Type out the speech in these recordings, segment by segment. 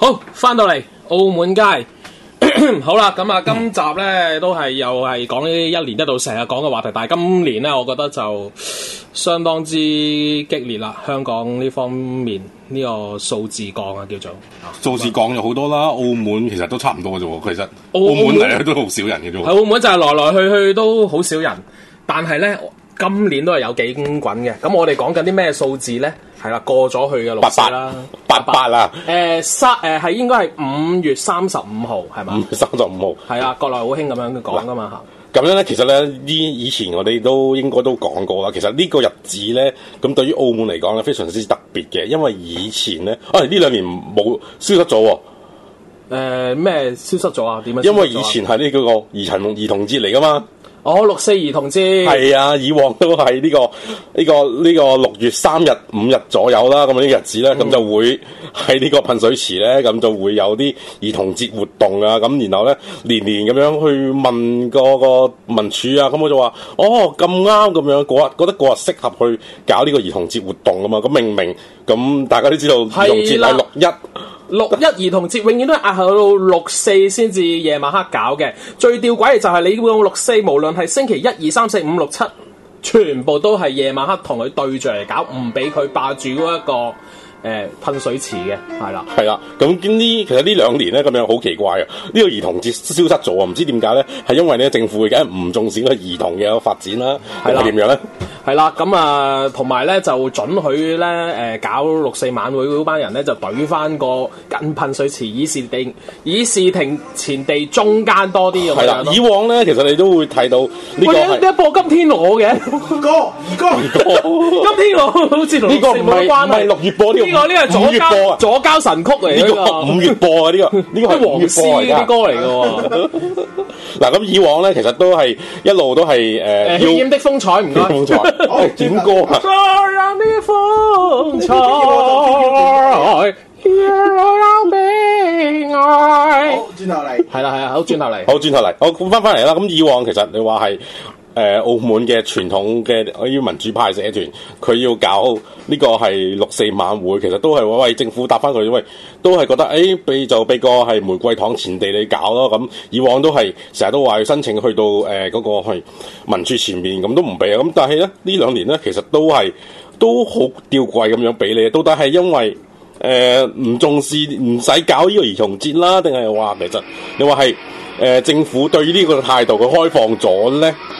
好，翻到嚟澳門街，咳咳，好啦，咁啊，今集呢都係又係講呢一年一度成日講嘅話題，但係今年呢，我覺得就相當之激烈啦。香港呢方面，呢個數字降啊，叫做數字降咗好多啦。澳門其實都差唔多嘅啫，其實澳，澳門嚟咧都好少人嘅啫。喺澳，門澳門就係來來去去都好少人，但係呢。今年都係有幾滾嘅，咁我哋講緊啲咩數字咧？係啦，過咗去嘅六八八啦，八八啊！誒三誒係應該係五月三十五號係嘛？五月三十五號係啊，國內好興咁樣講噶嘛吓？咁樣咧，其實咧，呢以前我哋都應該都講過啦。其實呢個日子咧，咁對於澳門嚟講咧，非常之特別嘅，因為以前咧，啊呢兩年冇消失咗。誒咩、呃、消失咗啊？點樣啊？因為以前係呢個個兒童兒童節嚟噶嘛。哦，六四兒童節係啊，以往都係呢、這個呢、這個呢、這個六月三日五日左右啦，咁呢日子咧，咁、嗯、就會喺呢個噴水池咧，咁就會有啲兒童節活動啊，咁然後咧年年咁樣去問嗰個,個民署啊，咁我就話哦咁啱咁樣嗰日覺得嗰日適合去搞呢個兒童節活動啊嘛，咁明明咁大家都知道兒童節係六一。六一兒童節永遠都係壓後到六四先至夜晚黑搞嘅，最吊詭嘅就係、是、你會六四，無論係星期一、二、三、四、五、六、七，全部都係夜晚黑同佢對住嚟搞，唔俾佢霸住嗰一個。誒，噴水池嘅係啦，係啦，咁呢？其實呢兩年咧，咁樣好奇怪啊！呢、這個兒童節消失咗的啊，唔知點解咧？係因為咧，政府而家唔重視個兒童嘅發展啦，係點樣咧？係啦，咁啊，同埋咧就准許咧，誒，搞六四晚會嗰班人咧就懟翻個近噴水池以，議事亭、議事亭前地中間多啲咁的樣。係啦，以往咧，其實你都會睇到呢個一播《今天我》嘅歌兒今天我好》好似同呢士尼冇關係，唔係六月播 呢個呢個左交左交神曲嚟噶，呢個五月播啊，呢個呢個黃氏嘅啲歌嚟噶喎。嗱咁以往咧，其實都係一路都係誒，妖艷的風采唔錯，點歌。所有的風采，讓我來被愛。好，轉頭嚟，係啦係啦，好轉頭嚟，好轉頭嚟，好轉翻翻嚟啦。咁以往其實你話係。誒、呃、澳門嘅傳統嘅依啲民主派社團，佢要搞呢個係六四晚會，其實都係喂，政府答翻佢，喂都係覺得誒俾、欸、就俾個係玫瑰堂前地你搞咯咁。以往都係成日都話要申請去到誒嗰、呃那個係民主前面，咁都唔俾啊。咁但係咧呢兩年咧，其實都係都好吊詭咁樣俾你。到底係因為誒唔、呃、重視，唔使搞呢個兒童節啦，定係話其實你話係誒政府對呢個態度佢開放咗咧？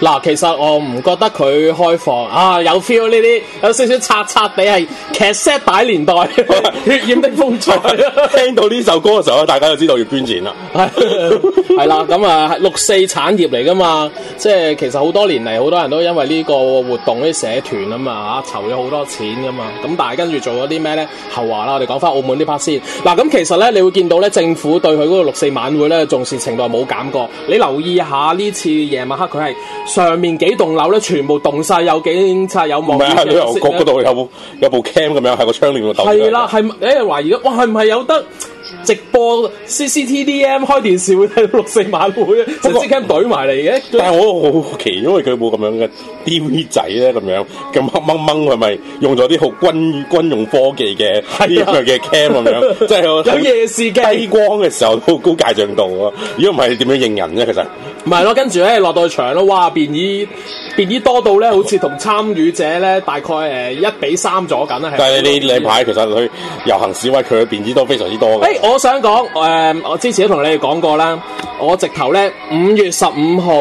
嗱，其實我唔覺得佢開放啊，有 feel 呢啲有少少刷刷地係劇 set 帶年代， 血染的風采。 聽到呢首歌嘅時候咧，大家就知道要捐錢啦。係 啦， 咁、嗯、啊、嗯嗯嗯嗯，六四產業嚟噶嘛，即係其實好多年嚟，好多人都因為呢個活動啲社團嘛啊嘛嚇，籌咗好多錢噶嘛。咁、嗯、但係跟住做咗啲咩咧？後話啦，我哋講翻澳門呢 part 先。嗱、嗯，咁、嗯嗯、其實咧，你會見到咧，政府對佢嗰個六四晚會咧，重視程度冇減過。你留意下呢次夜晚黑佢係。上面幾棟樓咧，全部動晒，有警察有望。唔係啊，旅遊局嗰度有有部 cam 咁樣喺個窗簾度。係啦、啊，係你人懷疑啊，哇，係唔係有得？直播 CCTDM 開電視會睇到六四晚會啊，成過支 cam 懟埋嚟嘅。但係我好奇，因為佢冇咁樣嘅 DV 仔咧，咁樣咁黑掹掹，係咪的用咗啲好軍軍用科技嘅係樣嘅 cam 咁樣？即係 有夜視鏡低光嘅時候好高解像度啊！如果唔係點樣認人啫？其實唔係咯，跟住咧落到場咯，哇，便衣。便衣多到咧，好似同參與者咧，大概誒一、呃、比三咗緊啊！嗯、但係呢兩排其實去遊行示威，佢嘅便衣都非常之多嘅。誒、欸，我想講誒、呃，我之前都同你哋講過啦，我直頭咧五月十五號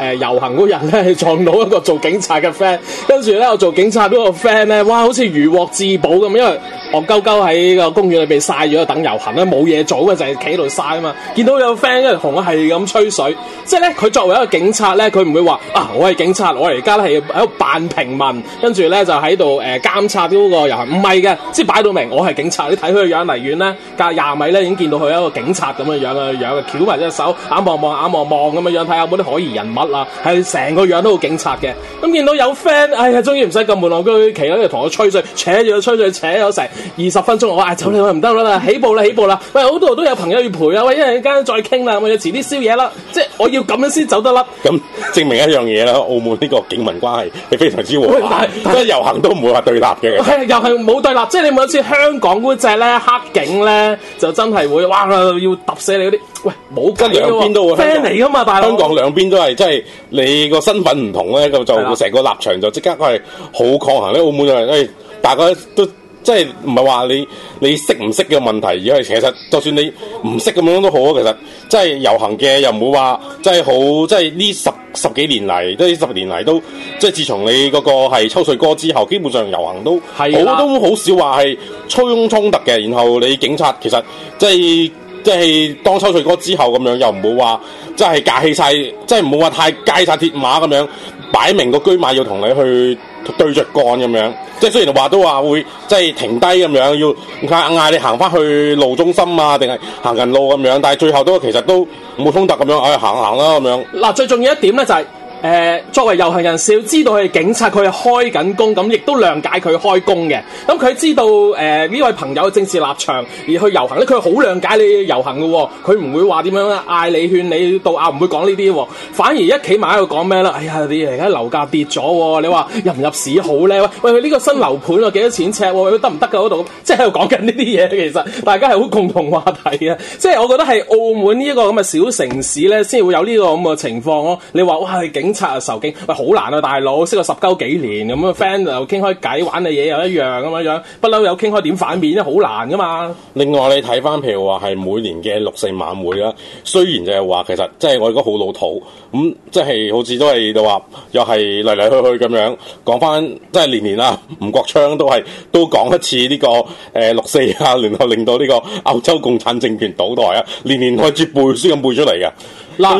誒遊行嗰日咧，撞到一個做警察嘅 friend，跟住咧我做警察嗰個 friend 咧，哇，好似如獲至寶咁，因為戇鳩鳩喺個公園裏邊曬咗等遊行咧，冇嘢做嘅，就係企度曬啊嘛，見到有 friend 跟住同我係咁吹水，即係咧佢作為一個警察咧，佢唔會話啊，我係警察。我而家咧係喺度扮平民，跟住咧就喺度誒監察呢嗰個遊行。唔係嘅，即係擺到明，我係警察。你睇佢個樣離遠咧，隔廿米咧已經見到佢一個警察咁嘅樣啊樣啊，翹埋隻手，眼望望，眼望望咁嘅樣，睇下有冇啲可疑人物啊。係成個樣都好警察嘅。咁見到有 friend，哎呀，終於唔使咁悶咯。企喺度同我吹水，扯住佢吹水，扯咗成二十分鐘。我話走你去唔得啦，起步啦起步啦。喂，好多都有朋友要陪啊。喂，一陣間再傾啦。我要遲啲宵夜啦，即係我要咁樣先走得甩。咁證明一樣嘢啦，澳門呢個警民關係係非常之和，即係遊行都唔會話對立嘅。的又係冇對立，即係你每一次香港嗰隻咧黑警咧，就真係會，哇！要揼死你嗰啲。喂，冇。跟兩邊都會，friend 嚟噶嘛，大佬。香港兩邊都係，即係你個身份唔同咧，咁就成個立場就即刻係好抗衡咧。澳門就係、是，誒、哎，大家都。即係唔係話你你識唔識嘅問題，而係其實就算你唔識咁樣都好，其實即係遊行嘅又唔會話即係好即係呢十十幾年嚟即係呢十年嚟，都即係自從你嗰個係抽水哥之後，基本上遊行都好的都好少話係衝衝突嘅，然後你警察其實即係即係當抽水哥之後咁樣又唔會話即係架氣晒，即係唔好話太戒晒鐵馬咁樣擺明個車馬要同你去。對着幹咁樣，即係雖然話都話會即係停低咁樣，要嗌嗌你行翻去路中心啊，定係行人路咁樣，但係最後都其實都冇衝突咁樣，唉，行行啦咁樣。嗱，最重要一點咧就係、是。誒，作為遊行人士，要知道佢係警察，佢係開緊工，咁亦都諒解佢開工嘅。咁、嗯、佢知道誒呢、呃、位朋友政治立場，而去遊行咧，佢好諒解你遊行嘅、哦。佢唔會話點樣嗌你、勸你、到拗，唔會講呢啲。反而一企埋喺度講咩啦？哎呀，你而家樓價跌咗、哦，你話入唔入市好咧？喂，佢、這、呢個新樓盤喎幾多錢尺、哦？得唔得噶嗰度？即係喺度講緊呢啲嘢，其實大家係好共同話題嘅。即係我覺得係澳門呢一個咁嘅小城市咧，先會有呢個咁嘅情況咯、哦。你話哇，警警察受驚，喂好難啊！大佬識咗十交幾年，咁啊 friend 又傾開偈，玩嘅嘢又一樣咁樣樣，不嬲有傾開點反面，都好難噶嘛。另外你睇翻譬如話係每年嘅六四晚會啦，雖然就係話其實即係我哋都好老土，咁即係好似都係就話又係嚟嚟去去咁樣講翻，即係年年啊，吳國昌都係都講一次呢、這個誒、呃、六四啊，令到令到呢個歐洲共產政權倒台啊，年年開始背書咁背出嚟嘅。嗱，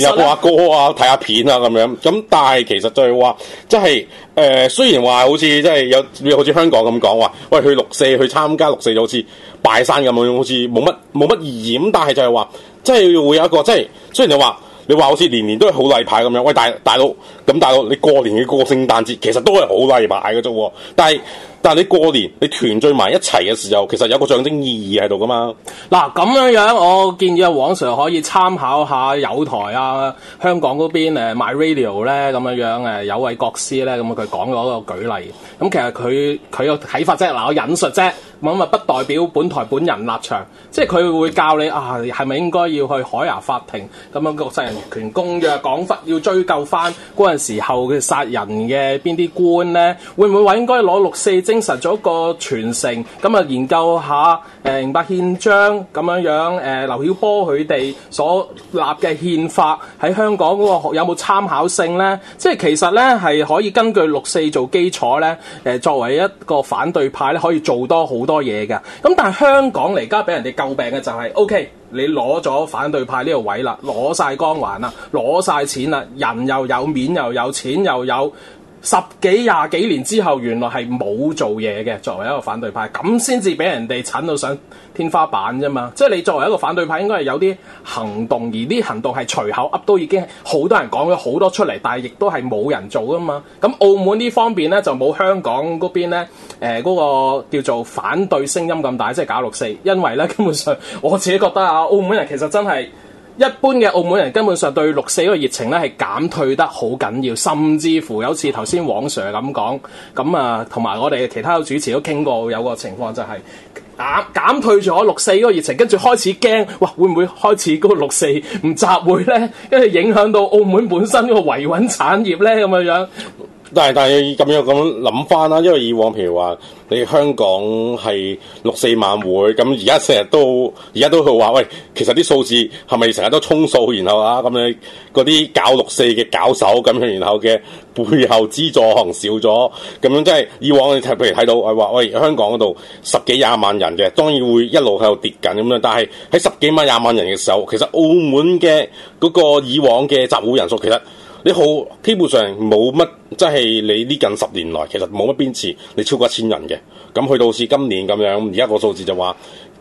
然後鏘哥啊，睇下片啊咁樣，咁但係其實就係、是、話，即係誒，雖然話好似即係有，你好似香港咁講話，喂，去六四去參加六四，就好似拜山咁樣，好似冇乜冇乜意義。咁但係就係話，即、就、係、是、會有一個，即、就、係、是、雖然你話你話好似年年都係好例牌咁樣，喂，大大佬咁大佬，你過年嘅個聖誕節其實都係好例牌嘅啫喎，但係，但係你過年你團聚埋一齊嘅時候，其實有個象徵意義喺度噶嘛？嗱咁樣樣，我建議阿黃 Sir 可以參考下友台啊香港嗰邊誒 My Radio 咧咁樣樣誒、啊、有位國師咧，咁佢講咗一個舉例，咁、啊、其實佢佢個睇法即、就、啫、是，嗱、啊、我引述啫，咁啊不代表本台本人立場，即係佢會教你啊係咪應該要去海牙法庭咁樣國際人權公約講法，啊、要追究翻嗰陣時候嘅殺人嘅邊啲官咧，會唔會話應該攞六四？證實咗個傳承，咁啊研究下誒《呃、零八憲章》咁樣樣，誒、呃、劉曉波佢哋所立嘅憲法喺香港嗰個有冇參考性呢？即係其實呢，係可以根據六四做基礎呢。誒、呃、作為一個反對派咧可以做多好多嘢噶。咁但係香港嚟家俾人哋詬病嘅就係、是，OK，你攞咗反對派呢個位啦，攞晒光環啦，攞晒錢啦，人又有面又有錢又有。十幾廿幾年之後，原來係冇做嘢嘅，作為一個反對派，咁先至俾人哋鏟到上天花板啫嘛。即係你作為一個反對派，應該係有啲行動，而啲行動係隨口噏都已經好多人講咗好多出嚟，但係亦都係冇人做啊嘛。咁澳門呢方面咧就冇香港嗰邊咧，誒嗰個叫做反對聲音咁大，即係搞六四，因為咧根本上我自己覺得啊，澳門人其實真係。一般嘅澳門人根本上對六四嗰個熱情咧係減退得好緊要，甚至乎有次頭先往常 i 咁講，咁啊同埋我哋其他主持都傾過，有個情況就係、是、減減退咗六四嗰個熱情，跟住開始驚，哇會唔會開始嗰六四唔集會呢？跟住影響到澳門本身嗰個維穩產業咧，咁嘅樣。但係但係咁樣咁諗翻啦，因為以往譬如話你香港係六四晚會，咁而家成日都而家都去話喂，其實啲數字係咪成日都充數？然後啊，咁你嗰啲搞六四嘅搞手咁樣，然後嘅背後資助可能少咗，咁樣即係以往你睇譬如睇到係話喂，香港嗰度十幾廿萬人嘅，當然會一路喺度跌緊咁樣。但係喺十幾萬廿萬人嘅時候，其實澳門嘅嗰個以往嘅集會人數其實。你好，基本上冇乜，即係你呢近十年來，其實冇乜邊次你超過一千人嘅。咁去到好似今年咁樣，而家個數字就話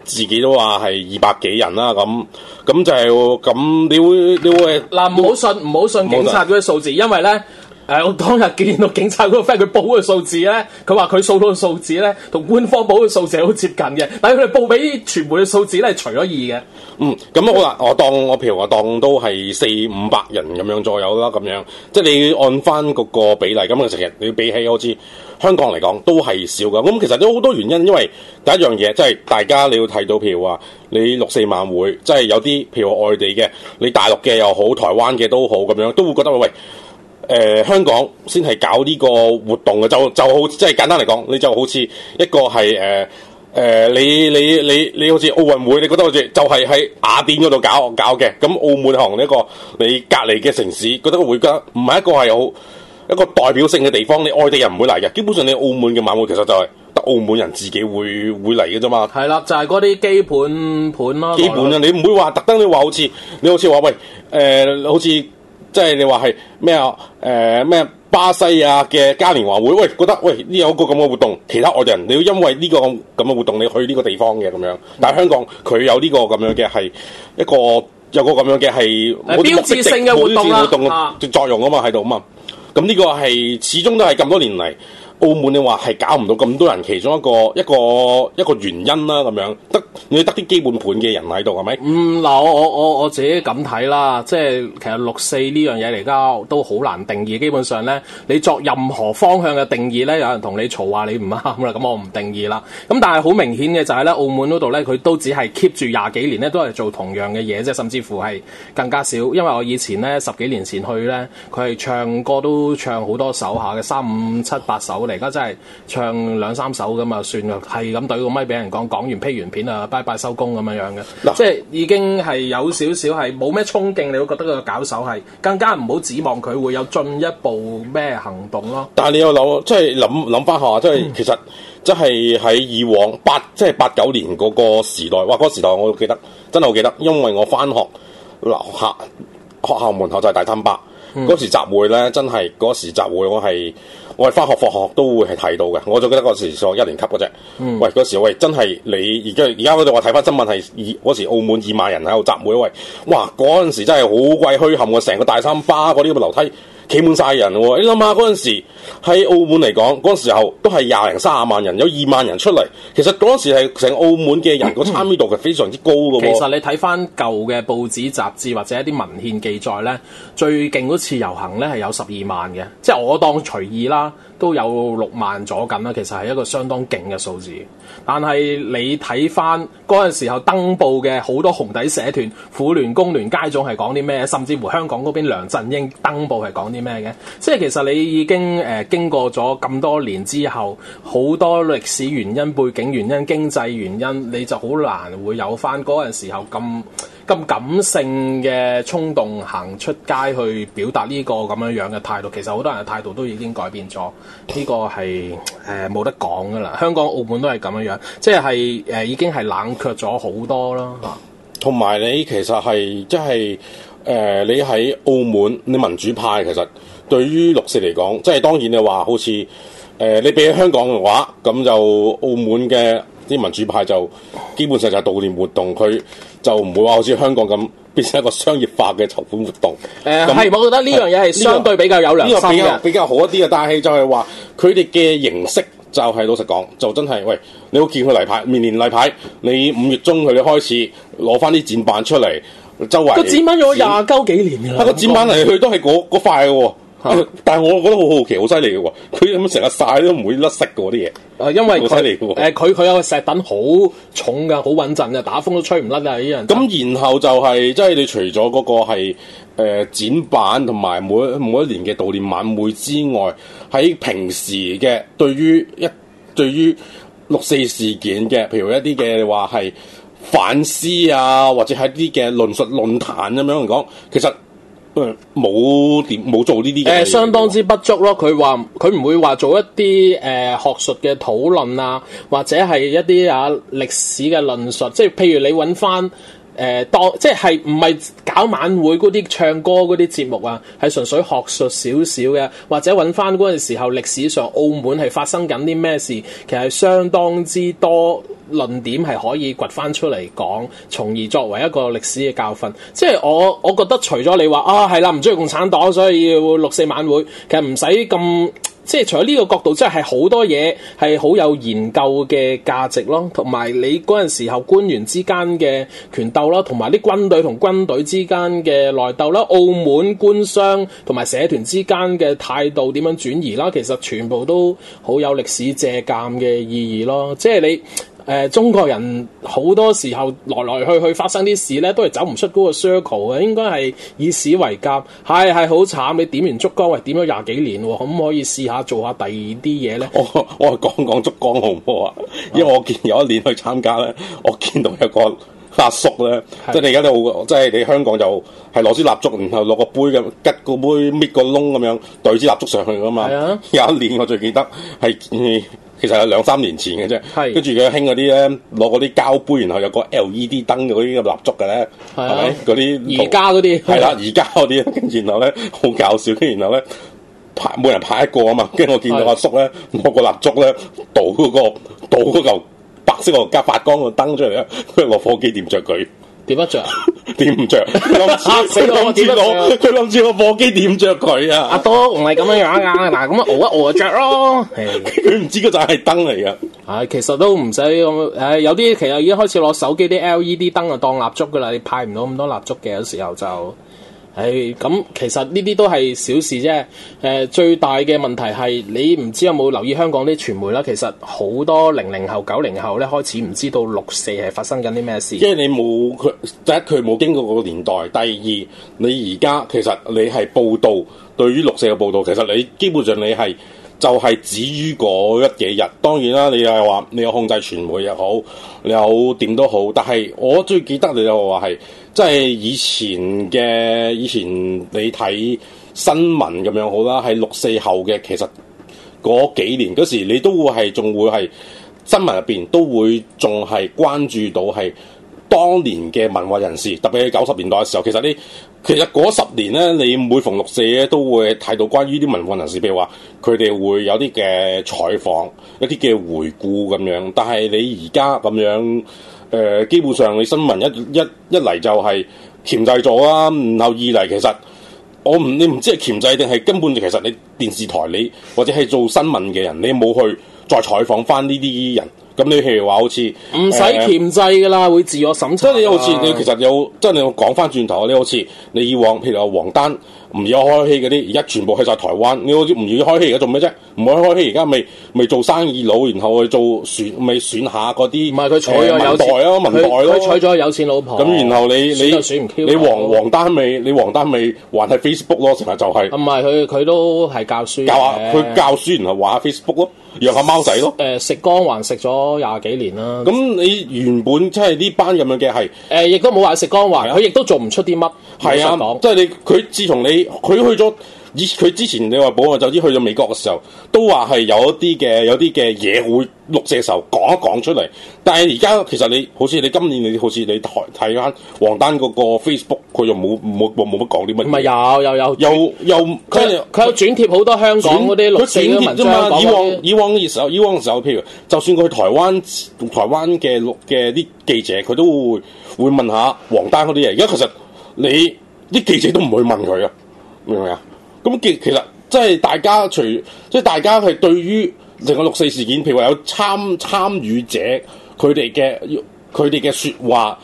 自己都話係二百幾人啦，咁咁就係，咁你會你會嗱唔好信唔都好信警察嗰啲數字，因為咧。誒、啊，我當日見到警察嗰個 friend，佢報嘅個數字咧，佢話佢數到嘅數字咧，同官方報嘅數字係好接近嘅。但係佢哋報俾傳媒嘅數字咧，係除咗二嘅。嗯，咁好啦，我當我譬如話我當都係四五百人咁樣左右啦。咁樣，樣，即係你按翻嗰個比例，咁啊成日你比起好似香港嚟講都係少嘅。咁其實都好多原因，因為第一樣嘢即係大家你要睇到譬如話，你六四晚會，即係有啲譬如外地嘅，你大陸嘅又好，台灣嘅都好，咁樣都會覺得喂。喂誒、呃，香港先係搞呢個活動嘅，就就好，即係簡單嚟講，你就好似一個係誒誒，你你你你好似奧運會，你覺得好似就係喺雅典嗰度搞搞嘅，咁澳門行呢一個你隔籬嘅城市，覺得會家唔係一個係好一個代表性嘅地方，你外地人唔會嚟嘅，基本上你澳門嘅晚會其實就係得澳門人自己會會嚟嘅啫嘛。係啦，就係嗰啲基本盤啦、啊。基本啊，你唔會話特登你話好似你好似話喂誒、呃，好似。即係你話係咩啊？誒咩、呃、巴西啊嘅嘉年華會，喂覺得喂呢有個咁嘅活動，其他外人你要因為呢、呢個咁嘅活動，你去呢個地方嘅咁樣。但係香港佢有呢、呢個咁樣嘅係一個有個咁樣嘅係、嗯、標誌性嘅活動活動嘅、啊、作用啊嘛喺度啊嘛，咁呢個係始終都係咁多年嚟。澳門你話係搞唔到咁多人，其中一個一個一個原因啦、啊、咁樣，得你得啲基本盤嘅人喺度係咪？嗯，嗱，我我我我自己咁睇啦，即係其實六四呢樣嘢嚟講都好難定義，基本上咧，你作任何方向嘅定義咧，有人同你嘈話你唔啱啦，咁我唔定義啦。咁、嗯、但係好明顯嘅就係咧，澳門嗰度咧，佢都只係 keep 住廿幾年咧，都係做同樣嘅嘢啫，甚至乎係更加少。因為我以前咧十幾年前去咧，佢係唱歌都唱好多首下 3, 5, 5, 7，首下嘅，三五七八首。嚟而家真係唱兩三首咁嘛，算啦，係咁懟個咪俾人講，講完批完片啊，拜拜收工咁樣樣嘅， 即係已經係有少少係冇咩衝勁，你會覺得個搞手係更加唔好指望佢會有進一步咩行動咯。但係你有諗，即係諗諗翻下，即係其實即係喺以往八即係八九年嗰個時代，哇！嗰個時代我記得，真係我記得，因為我翻學留下學校門口就係大吞巴嗰時集會咧，真係嗰時集會我係。我係返學放學都會係睇到嘅，我就記得嗰時我一年級嗰陣、嗯，喂嗰時喂，真係你而家，而家嗰度我睇返新聞係二，嗰時澳門二萬人喺度集會，喂，哇，嗰陣時真係好鬼墟冚喎，成個大三巴嗰啲咁嘅樓梯。企滿晒人喎，你諗下嗰陣時喺澳門嚟講，嗰陣時候都係廿零卅萬人，有二萬人出嚟。其實嗰陣時係成澳門嘅人個參與度係非常之高㗎。其實你睇返舊嘅報紙雜誌或者一啲文獻記載咧，最勁嗰次遊行咧係有十二萬嘅，即係我當隨意啦。都有六萬左近啦，其實係一個相當勁嘅數字。但係你睇翻嗰陣時候登報嘅好多紅底社團、婦聯、工聯、街總係講啲咩？甚至乎香港嗰邊梁振英登報係講啲咩嘅？即係其實你已經誒、呃、經過咗咁多年之後，好多歷史原因、背景原因、經濟原因，你就好難會有翻嗰陣時候咁。咁感性嘅衝動行出街去表達呢個咁樣樣嘅態度，其實好多人嘅態度都已經改變咗，呢、這個係誒冇得講噶啦。香港、澳門都係咁樣樣，即係誒、呃、已經係冷卻咗好多咯。同埋你其實係即係誒，你喺澳門，你民主派其實對於六四嚟講，即、就、係、是、當然你話好似誒、呃，你比起香港嘅話，咁就澳門嘅。啲民主派就基本上就係悼念活動，佢就唔會話好似香港咁變成一個商業化嘅籌款活動。誒、呃，係、嗯，我覺得呢樣嘢係相對比較有良心嘅、這個這個，比較好一啲嘅。但係就係話佢哋嘅形式就係、是、老實講，就真係喂，你好見佢例牌明年年例牌，你五月中佢哋開始攞翻啲展板出嚟，周圍個展板用咗廿鳩幾年啦。個展板嚟去都係嗰、那個、塊嘅、哦。 但係我覺得好好奇，好犀利嘅喎，佢咁成日曬都唔會甩色嘅啲嘢。啊，因為犀利嘅誒，佢佢有個石品好重嘅，好穩陣嘅，打風都吹唔甩啊！呢樣。咁然後就係、是、即係你除咗嗰個係誒展板同埋每每一年嘅悼念晚會之外，喺平時嘅對於一對於六四事件嘅，譬如一啲嘅話係反思啊，或者係一啲嘅論述論壇咁樣嚟講，其實。冇點冇做呢啲嘢嘅、呃，相當之不足咯。佢話佢唔會話做一啲誒、呃、學術嘅討論啊，或者係一啲啊歷史嘅論述，即係譬如你揾翻，誒、呃、當即係唔係搞晚會嗰啲唱歌嗰啲節目啊，係純粹學術少少嘅，或者揾翻嗰陣時候歷史上澳門係發生緊啲咩事，其實相當之多論點係可以掘翻出嚟講，從而作為一個歷史嘅教訓。即係我我覺得除咗你話啊係啦，唔中意共產黨，所以要六四晚會，其實唔使咁。即係除咗呢個角度，真係好多嘢係好有研究嘅價值咯，同埋你嗰陣時候官員之間嘅權鬥啦，同埋啲軍隊同軍隊之間嘅內鬥啦，澳門官商同埋社團之間嘅態度點樣轉移啦，其實全部都好有歷史借鑑嘅意義咯，即係你。誒、呃，中國人好多時候來來去去發生啲事咧，都係走唔出嗰個 circle 嘅，應該係以史為鑒，係係好慘。你點完燭光，喂點咗廿幾年喎，可唔可以試下做下第二啲嘢咧？我我講講燭光好唔好啊？因為我見有一年去參加咧，我見到一個阿叔咧是的，即係你而家都好，即係你香港就係攞支蠟燭，然後落個杯咁吉個杯搣個窿咁樣，對支蠟燭上去㗎嘛。的有一年我最記得係。嗯其實有兩三年前嘅啫，跟住佢興嗰啲咧，攞嗰啲膠杯，然後有個 LED 燈嗰啲蠟燭嘅咧，係咪嗰啲？而家嗰啲係啦，而家嗰啲，跟住的 然後咧好搞笑，跟住然後咧派，每人派一個啊嘛，跟住我見到是阿叔咧，攞個蠟燭咧，倒嗰、那個倒嗰嚿白色個加發光個燈出嚟啊，跟住落火機點着佢。點得着？點唔着？ 啊、我唔知我唔知道。佢諗住個火機點着佢啊？阿多唔係咁樣樣啊。嗱咁啊，熬一熬着咯。佢唔知個就係燈嚟噶。唉、啊，其實都唔使咁。唉、啊，有啲其實已經開始攞手機啲 L E D 燈啊當蠟燭噶啦。你派唔到咁多蠟燭嘅，有時候就。誒咁、哎、其實呢啲都係小事啫。誒、呃、最大嘅問題係你唔知有冇留意香港啲傳媒啦。其實好多零零後、九零後咧開始唔知道六四係發生緊啲咩事。即係你冇佢第一佢冇經過個年代，第二你而家其實你係報道對於六四嘅報道，其實你基本上你係。就係止於嗰一幾日，當然啦，你又係話你有控制傳媒又好，你有點都好。但係我最記得你就話係，即係以前嘅以前，你睇新聞咁樣好啦，係六四後嘅其實嗰幾年嗰時，你都會係仲會係新聞入邊都會仲係關注到係。當年嘅文化人士，特別係九十年代嘅時候，其實你其實嗰十年咧，你每逢六四咧，都會睇到關於啲文化人士，譬如話佢哋會有啲嘅採訪，一啲嘅回顧咁樣。但係你而家咁樣誒、呃，基本上你新聞一一一嚟就係鉗制咗啦，然後二嚟其實我唔你唔知係鉗制定係根本就其實你電視台你或者係做新聞嘅人，你冇去再採訪翻呢啲人。咁你譬如話好似唔使鉗制噶啦，呃、會自我審查。即係你好似、啊、你其實有，即係你講翻轉頭，你好似你以往譬如話王丹唔要開戲嗰啲，而家全部去晒台灣。你好似唔要開戲而家做咩啫？唔去開戲而家未未做生意佬，然後去做選，未選下嗰啲。唔係佢娶咗有錢、呃、代啊，民代咯、啊。佢佢娶咗有錢老婆。咁然後你選選你你王王丹咪，你王丹咪，還係 Facebook 咯？成日就係、是。唔係佢佢都係教書。教佢教書，然後話 Facebook 咯。養下貓仔咯。誒、呃，食光環食咗廿幾年啦。咁、嗯、你原本即係呢班咁樣嘅係，誒亦都冇話食光環，佢亦的都做唔出啲乜。係啊的，即係你佢自從你佢去咗。嗯以佢之前你話寶華投資去咗美國嘅時候，都話係有啲嘅有啲嘅嘢會六四嘅時候講一講出嚟。但係而家其實你好似你今年你好似你台睇翻王丹嗰個 Facebook，佢又冇冇冇乜講啲乜。唔係有，有有，有有佢佢有轉貼好多香港啲六四嘅文章，轉貼啫嘛，以往以往嘅時，時候，以往嘅時候譬如，就算佢去台灣台灣嘅錄嘅啲記者，佢都會會問下王丹嗰啲嘢。而家其實你啲記者都唔會問佢啊，明唔明啊？咁結其實即係大家除，除即係大家係對於成個六四事件，譬如話有參參與者，佢哋嘅佢哋嘅說話。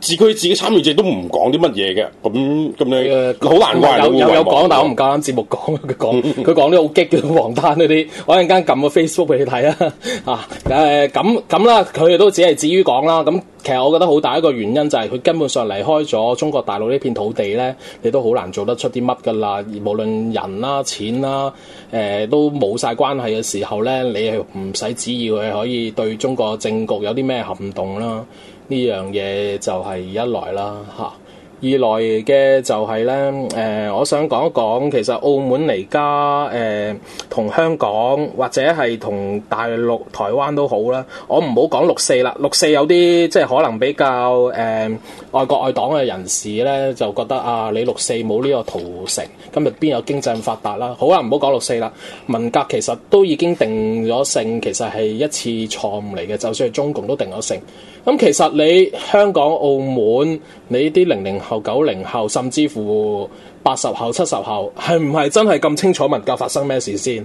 自佢自己參與者都唔講啲乜嘢嘅，咁咁咧好難怪、嗯、有有有講，但係我唔夠膽節目講，佢講佢 講啲好激嘅黃單嗰啲，我陣間撳個 Facebook 俾你睇啦，啊誒咁咁啦，佢、啊、哋都只係至於講啦。咁其實我覺得好大一個原因就係佢根本上離開咗中國大陸呢片土地咧，你都好難做得出啲乜嘅啦。而無論人啦、啊、錢啦、啊，誒、呃、都冇晒關係嘅時候咧，你係唔使指要佢可以對中國政局有啲咩撼動啦、啊。呢樣嘢就係一來啦吓、啊，二來嘅就係咧，誒、呃，我想講一講，其實澳門嚟家，誒、呃，同香港或者係同大陸、台灣都好啦，我唔好講六四啦，六四有啲即係可能比較誒、呃、愛國愛黨嘅人士咧，就覺得啊，你六四冇呢個屠城，今日邊有經濟咁發達啦？好啦、啊，唔好講六四啦，文革其實都已經定咗性，其實係一次錯誤嚟嘅，就算係中共都定咗性。咁其實你香港、澳門，你啲零零後、九零後，甚至乎八十後、七十後，係唔係真係咁清楚文革發生咩事先？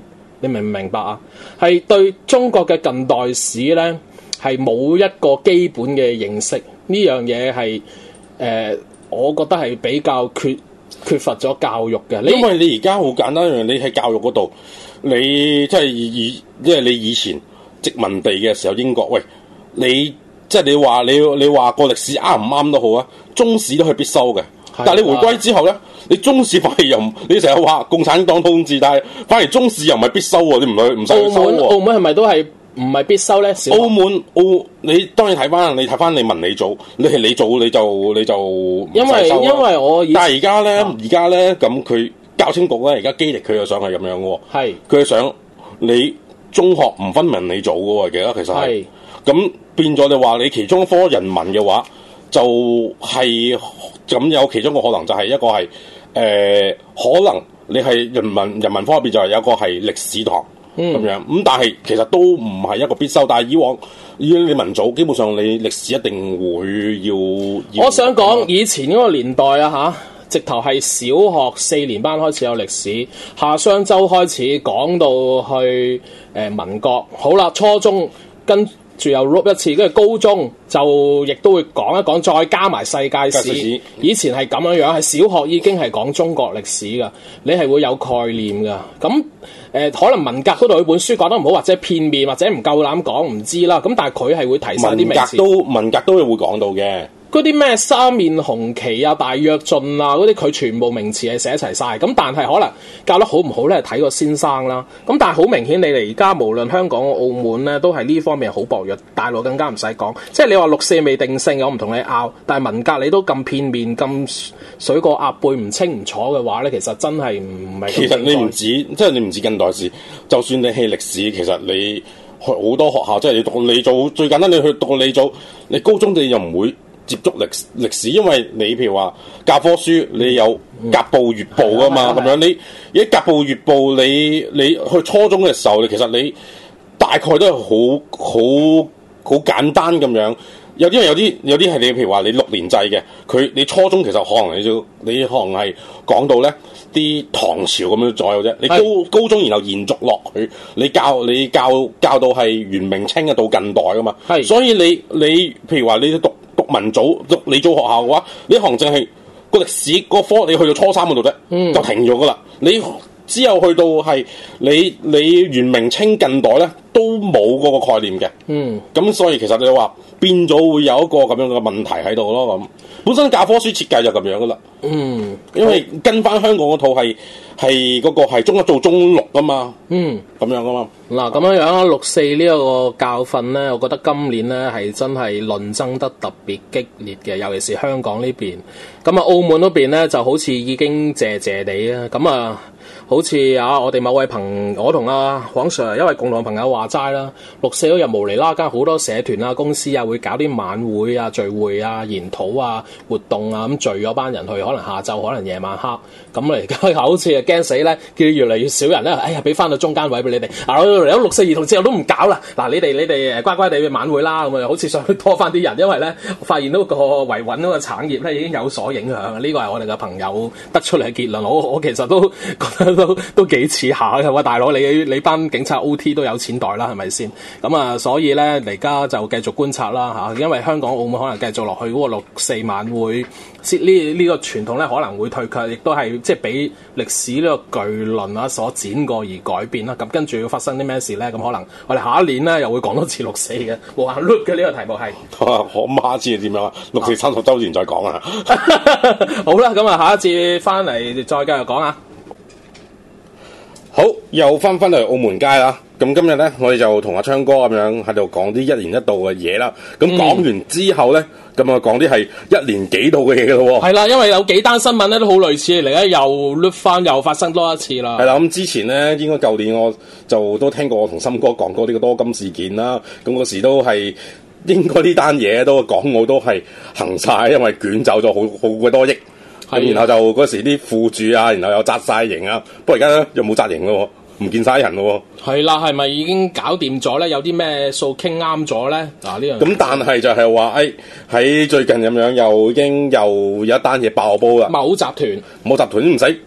你明唔明白啊？係對中國嘅近代史咧，係冇一個基本嘅認識。呢樣嘢係誒，我覺得係比較缺缺乏咗教育嘅。你因為你而家好簡單，你喺教育嗰度，你即係以即係你以前殖民地嘅時候，英國喂你。即係你話你你話個歷史啱唔啱都好啊，中史都係必修嘅，的但係你回歸之後咧，你中史反而又唔，你成日話共產黨統治，但係反而中史又唔係必修喎。你唔去唔使門去修。澳門澳門係咪都係唔係必修咧？澳門澳，門澳門你當然睇翻，你睇翻你文理組，你係你組你就你就因為因為我但係而家咧而家咧咁佢教青局咧而家基力佢又想係咁樣嘅，係佢是想你中學唔分文理組嘅，記得其實係。咁變咗你話你其中一科人民嘅話，就係、是、咁有其中嘅可能，就係一個係誒、呃、可能你係人民，人民科入面就係有個係歷史堂咁、嗯、樣咁，但係其實都唔係一個必修。但係以往，如果你民組，基本上你歷史一定會要。要我想講以前嗰個年代啊，嚇、啊，直頭係小學四年班開始有歷史，夏商周開始講到去誒、呃、民國，好啦，初中跟住又 l o 一次，跟住高中就亦都會講一講，再加埋世界史。史以前係咁樣樣，係小學已經係講中國歷史噶，你係會有概念噶。咁誒、呃，可能文革嗰度佢本書講得唔好，或者片面，或者唔夠膽講，唔知啦。咁但係佢係會提升啲。民都民革都會講到嘅。嗰啲咩三面紅旗啊、大躍進啊嗰啲，佢全部名詞係寫齊晒。咁但係可能教得好唔好咧，睇個先生啦。咁但係好明顯你，你哋而家無論香港、澳門咧，都係呢方面好薄弱。大陸更加唔使講，即係你話六四未定性，我唔同你拗。但係文革你都咁片面、咁水過鴨背，唔清唔楚嘅話咧，其實真係唔係。其實你唔止，即係你唔止近代史，就算你棄歷史，其實你去好多學校即係你讀你組，最簡單你去讀你組，你高中你又唔會。接觸歷歷史，因為你譬如話教科書，你有甲部月報噶嘛？咁樣、啊啊啊啊、你依甲部月報，你部部你，你去初中嘅時候，你其實你大概都係好好好簡單咁樣。有啲人有啲有啲係你譬如話你六年制嘅，佢你初中其實可能你就你可能係講到呢啲唐朝咁樣左右啫。你高、啊、高中然後延續落去，你教你教教到係元明清啊到近代噶嘛？係、啊啊，所以你你譬如話你讀，讀民組讀你組學校嘅話，呢行淨係個歷史嗰科，你去到初三嗰度啫，嗯、就停咗㗎喇，你。之後去到係你你元明清近代咧，都冇嗰個概念嘅。嗯，咁所以其實你話變咗會有一個咁樣嘅問題喺度咯，咁，本身教科書設計就咁樣噶啦，嗯，因為跟翻香港嗰套係係嗰個係中一到中六噶嘛，嗯，咁樣噶嘛。嗱咁樣樣啊，六四呢個教訓咧，我覺得今年咧係真係論爭得特別激烈嘅，尤其是香港呢邊，咁啊澳門嗰邊咧就好似已經謝謝你啊，咁啊～、嗯嗯好似啊，我哋某位朋友，我同阿黃 Sir，因為共同朋友話齋啦，六四嗰日無厘啦家好多社團啊、公司啊會搞啲晚會啊、聚會啊、研討啊、活動啊咁聚咗班人去，可能下晝，可能夜晚黑。咁啊，而家好似啊驚死咧，叫越嚟越少人咧，哎呀，俾翻到中間位俾你哋。嗱、啊，有六四兒童節我都唔搞啦。嗱，你哋你哋乖乖哋去晚會啦。咁、嗯、啊，好似想拖翻啲人，因為咧發現到個維穩呢個產業咧已經有所影響。呢、這個係我哋嘅朋友得出嚟嘅結論。我我，我其實都。都都幾似下嘅，喂，大佬，你你班警察 OT 都有錢袋啦，係咪先？咁啊，所以咧，嚟家就繼續觀察啦吓，因為香港、澳門可能繼續落去嗰、那個六四晚會，呢、這、呢個傳、這個、統咧可能會退卻，亦都係即係俾歷史呢個巨輪啊所剪過而改變啦。咁跟住要發生啲咩事咧？咁可能我哋下一年咧又會講多次六四嘅無限 loop 嘅呢個題目係、啊。我媽知點樣啊？六四三十周年再講啊！ 好啦，咁啊，下一次翻嚟再繼續講啊！好，又翻翻嚟澳門街啦。咁、嗯、今日咧，我哋就同阿鏘哥咁樣喺度講啲一年一度嘅嘢啦。咁、嗯、講完之後咧，咁啊講啲係一年幾度嘅嘢咯。係啦，因為有幾單新聞咧都好類似嚟咧，又甩翻又發生多一次啦。係啦，咁、嗯、之前咧，應該舊年我就都聽過我同森哥講過呢個多金事件啦。咁、嗯、嗰時都係，應該呢單嘢都講我都係行晒，因為捲走咗好好嘅多億。然後就嗰的時，啲附主啊，然後又扎晒型啊，過是不過而家咧又冇扎型咯，唔見晒人咯。係啦，係咪已經搞掂咗咧？有啲咩數傾啱咗咧？嗱、啊，呢樣咁但係就係話，誒、哎、喺最近咁樣又已經又有一單嘢爆煲啦。某集團，某集團都唔使，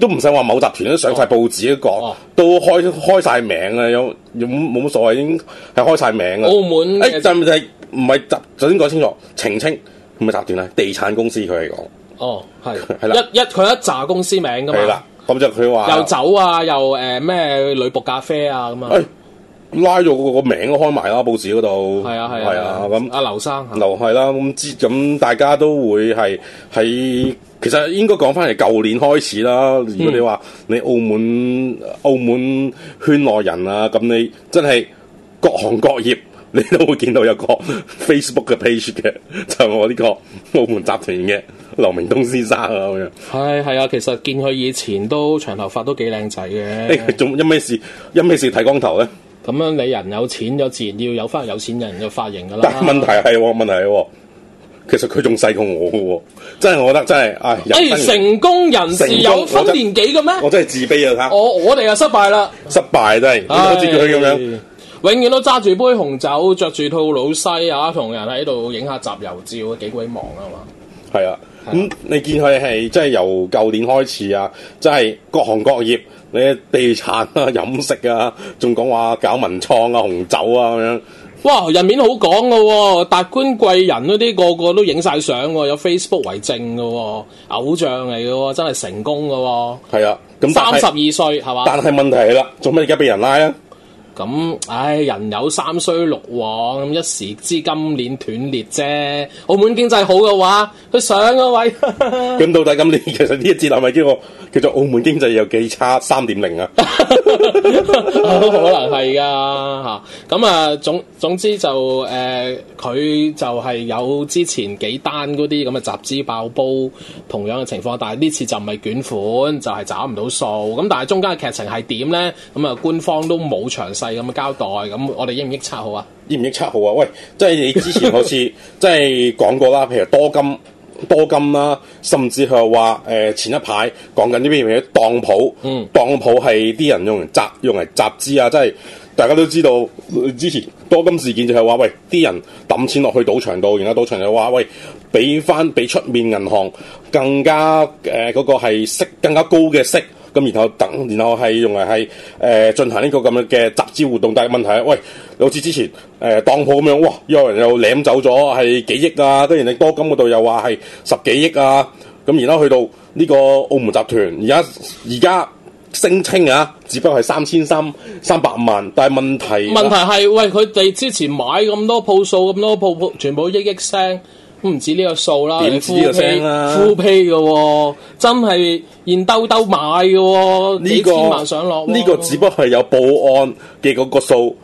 都唔使話某集團都上晒報紙嘅，講、啊、都開開曬名啦，有有冇乜所謂？已經係開晒名啦。澳門誒、哎，就係唔係集？首先講清楚澄清，清，唔係集團啊，地產公司佢嚟講。哦，係係啦，一一佢一揸公司名噶嘛，係啦，咁就佢話又酒啊，又誒咩女僕咖啡啊咁啊、哎，拉咗個個名都開埋啦，報紙嗰度係啊係啊，咁阿劉生劉係啦，咁之咁大家都會係喺，其實應該講翻係舊年開始啦。如果你話你澳門澳門圈內人啊，咁你真係各行各業你都會見到有個 Facebook 嘅 page 嘅， 就係我呢個澳門集團嘅。劉明東先生啊咁樣，係係啊，其實見佢以前都長頭髮都幾靚仔嘅。誒，仲因咩事？因咩事剃光頭咧？咁樣你人有錢咗，自然要有翻有錢人嘅髮型噶啦。但係問題係，問題係，其實佢仲細過我嘅，真係我覺得真係啊！誒，成功人士有分年紀嘅咩？我真係自卑啊！我我哋啊失敗啦，失敗真係，好似佢咁樣，永遠都揸住杯紅酒，着住套老西啊，同人喺度影下集郵照，幾鬼忙啊係嘛？係啊。咁、嗯、你見佢係即係由舊年開始啊，即係各行各業，你地產啊、飲食啊、仲講話搞文創啊、紅酒啊咁樣。哇！人面好講噶、哦，達官貴人嗰啲個個都影晒相，有 Facebook 為證噶、哦，偶像嚟噶、哦，真係成功噶、哦。係啊，咁三十二歲係嘛？但係問題係啦，做咩而家俾人拉啊？咁，唉，人有三衰六旺，咁一時資金鏈斷裂啫。澳門經濟好嘅話，佢上個、啊、位。咁到底今年其實呢一節係咪叫我？叫做澳門經濟有幾差三點零啊？ 可能係啊嚇，咁啊總總之就誒，佢、嗯、就係有之前幾單嗰啲咁嘅集資爆煲同樣嘅情況，但係呢次就唔係捲款，就係、是、找唔到數。咁但係中間嘅劇情係點咧？咁啊官方都冇詳細咁嘅交代，咁、嗯、我哋應唔應測好啊？應唔應測好啊？喂，即係你之前好似 即係講過啦，譬如多金。多金啦、啊，甚至係話前一排講緊呢邊咩當鋪，當鋪係啲人用嚟集用嚟集資啊！即係大家都知道，之前多金事件就係話喂，啲人抌錢落去賭場度，然後賭場就話喂，俾翻俾出面銀行更加誒嗰、呃那個係息更加高嘅息。咁然後等，然後係用嚟係誒進行呢個咁樣嘅集資活動，但係問題係，喂，好似之前誒、呃、當鋪咁樣，哇，有人又攬走咗係幾億啊，跟住你多金嗰度又話係十幾億啊，咁然後去到呢個澳門集團，而家而家聲稱啊，只不過係三千三三百萬，但係問題問題係，哇喂，佢哋之前買咁多鋪數，咁多鋪鋪，全部億億聲。都唔、嗯、止呢個數啦，點知個聲，富批富批嘅喎，真係現兜兜買嘅喎，呢千萬上落。呢、這個這個只不過係有報案嘅嗰、那個數。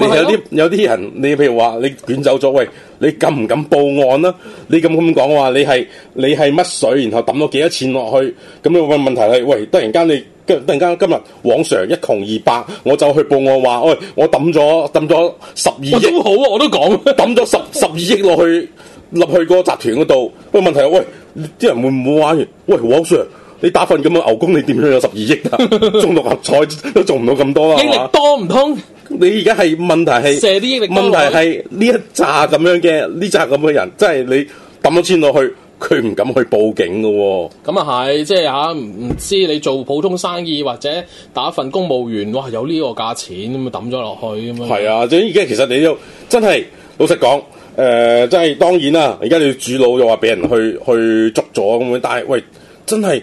那個、數你有啲有啲人，你譬如話你捲走咗，喂，你敢唔敢報案啦？你咁咁講話，你係你係乜水？然後抌咗幾多錢落去？咁樣問問題係，喂，突然間你突然間今日往常一窮二白，我就去報案話，喂，我抌咗抌咗十二億。億好啊，我都講抌咗十 十二億落去。笑十 2 入去個集團嗰度，喂問題，喂啲人會唔會玩完？喂、wow、黃 Sir，你打份咁嘅牛工，你點樣有十二億啊？中六合彩都做唔到咁多啊！精 力多唔通？你而家係問題係？射啲精力多問題係呢一扎咁樣嘅呢扎咁嘅人，即係你抌咗錢落去，佢唔敢去報警噶、啊。咁啊係，即係吓唔知你做普通生意或者打份公務員，哇有呢個價錢咁啊抌咗落去咁啊？係啊，即係而家其實你都真係老實講。誒、呃，即係當然啦！而家你主腦又話俾人去去捉咗咁樣，但係喂，真係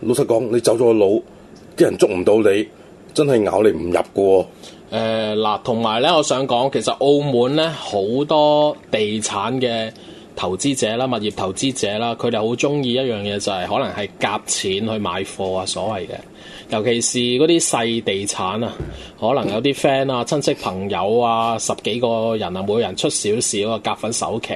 老實講，你走咗個腦，啲人捉唔到你，真係咬你唔入㗎喎。嗱、呃，同埋咧，我想講，其實澳門咧好多地產嘅投資者啦、物業投資者啦，佢哋好中意一樣嘢就係、是、可能係夾錢去買貨啊，所謂嘅。尤其是嗰啲細地產啊，可能有啲 friend 啊、親戚朋友啊，十幾個人啊，每人出少少啊，夾份首期，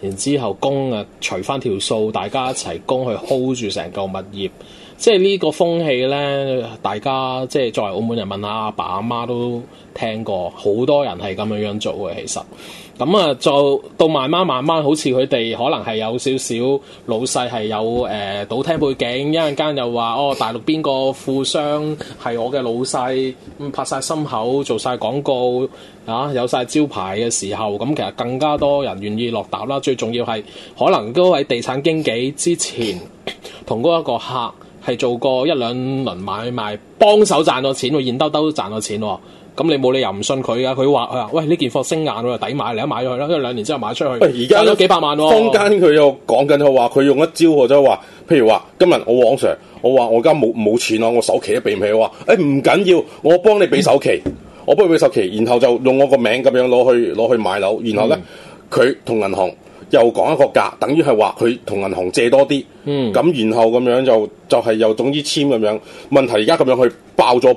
然之後供啊，除翻條數，大家一齊供去 hold 住成嚿物業，即係呢個風氣咧，大家即係作為澳門人問，問下阿爸阿媽都聽過，好多人係咁樣樣做嘅，其實。咁啊，就到慢慢慢慢，好似佢哋可能係有少少老細，係有誒賭廳背景，一陣間又話哦，大陸邊個富商係我嘅老細，咁，拍晒心口做晒廣告啊，有晒招牌嘅時候，咁、嗯、其實更加多人願意落搭啦。最重要係可能嗰喺地產經紀之前同嗰一個客係做過一兩輪買賣幫手賺到錢，現兜兜賺到錢、哦。咁你冇理由唔信佢噶，佢話佢喂，呢件貨升硬，我就抵買，你一買咗佢啦，因為兩年之後賣出去，喂在，而家咗幾百萬咯、哦。坊間佢又講緊佢話，佢用一招，即係話，譬如話今日我往常，我話我而家冇冇錢咯，我首期都俾唔起。我話誒唔緊要，我幫你俾首期，嗯、我幫你俾首期，然後就用我個名咁樣攞去攞去買樓，然後咧佢同銀行又講一個價，等於係話佢同銀行借多啲。嗯，咁然後咁樣就就係、是、又總之簽咁樣，問題而家咁樣去爆咗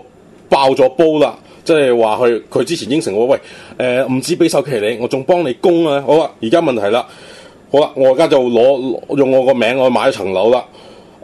爆咗煲啦。即係話佢，佢之前應承我，喂，誒、呃、唔知俾首期你，我仲幫你供啊！好啊，而家問題啦，好啦，我而家就攞用我個名，我買一層樓啦。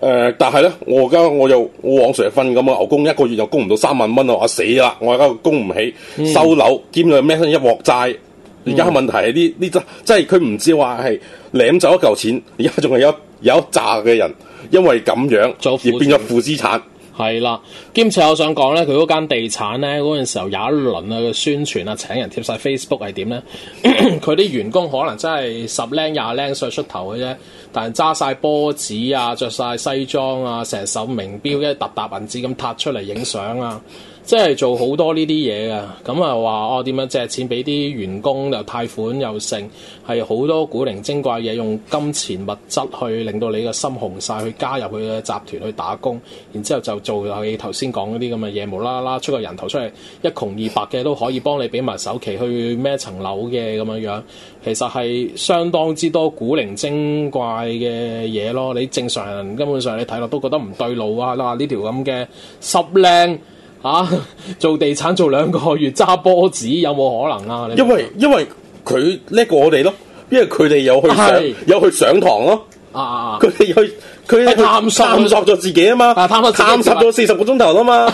誒、呃，但係咧，我而家我又我往常日分咁啊，牛供一個月又供唔到三萬蚊啊！我話死啦，我而家供唔起，收樓兼佢孭一鑊債。而家問題係呢呢，嗯、即係佢唔知話係攬走一嚿錢，而家仲係有有一紮嘅人因為咁樣而變咗負資產。係啦，兼且我想講咧，佢嗰間地產咧，嗰陣時候有一輪啊，宣傳啊，請人貼晒 Facebook 係點咧？佢啲咳咳員工可能真係十僆廿僆歲出頭嘅啫，但係揸晒波子啊，着晒西裝啊，成手名錶，一揼揼銀紙咁揼出嚟影相啊！即係做好多呢啲嘢嘅，咁啊話哦點樣借錢俾啲員工又貸款又剩，係好多古靈精怪嘢，用金錢物質去令到你個心紅晒，去加入佢嘅集團去打工，然之後就做佢頭先講嗰啲咁嘅嘢，無啦啦出個人頭出嚟，一窮二白嘅都可以幫你俾埋首期去孭層樓嘅咁樣樣，其實係相當之多古靈精怪嘅嘢咯。你正常人根本上你睇落都覺得唔對路啊！嗱呢條咁嘅濕靚～啊！做地產做兩個月揸波子有冇可能啊？因為因為佢叻過我哋咯，因為佢哋有去上、啊、有去上堂咯。啊佢哋去佢哋探索咗自己啊嘛，探索探索咗四十個鐘頭啦嘛、啊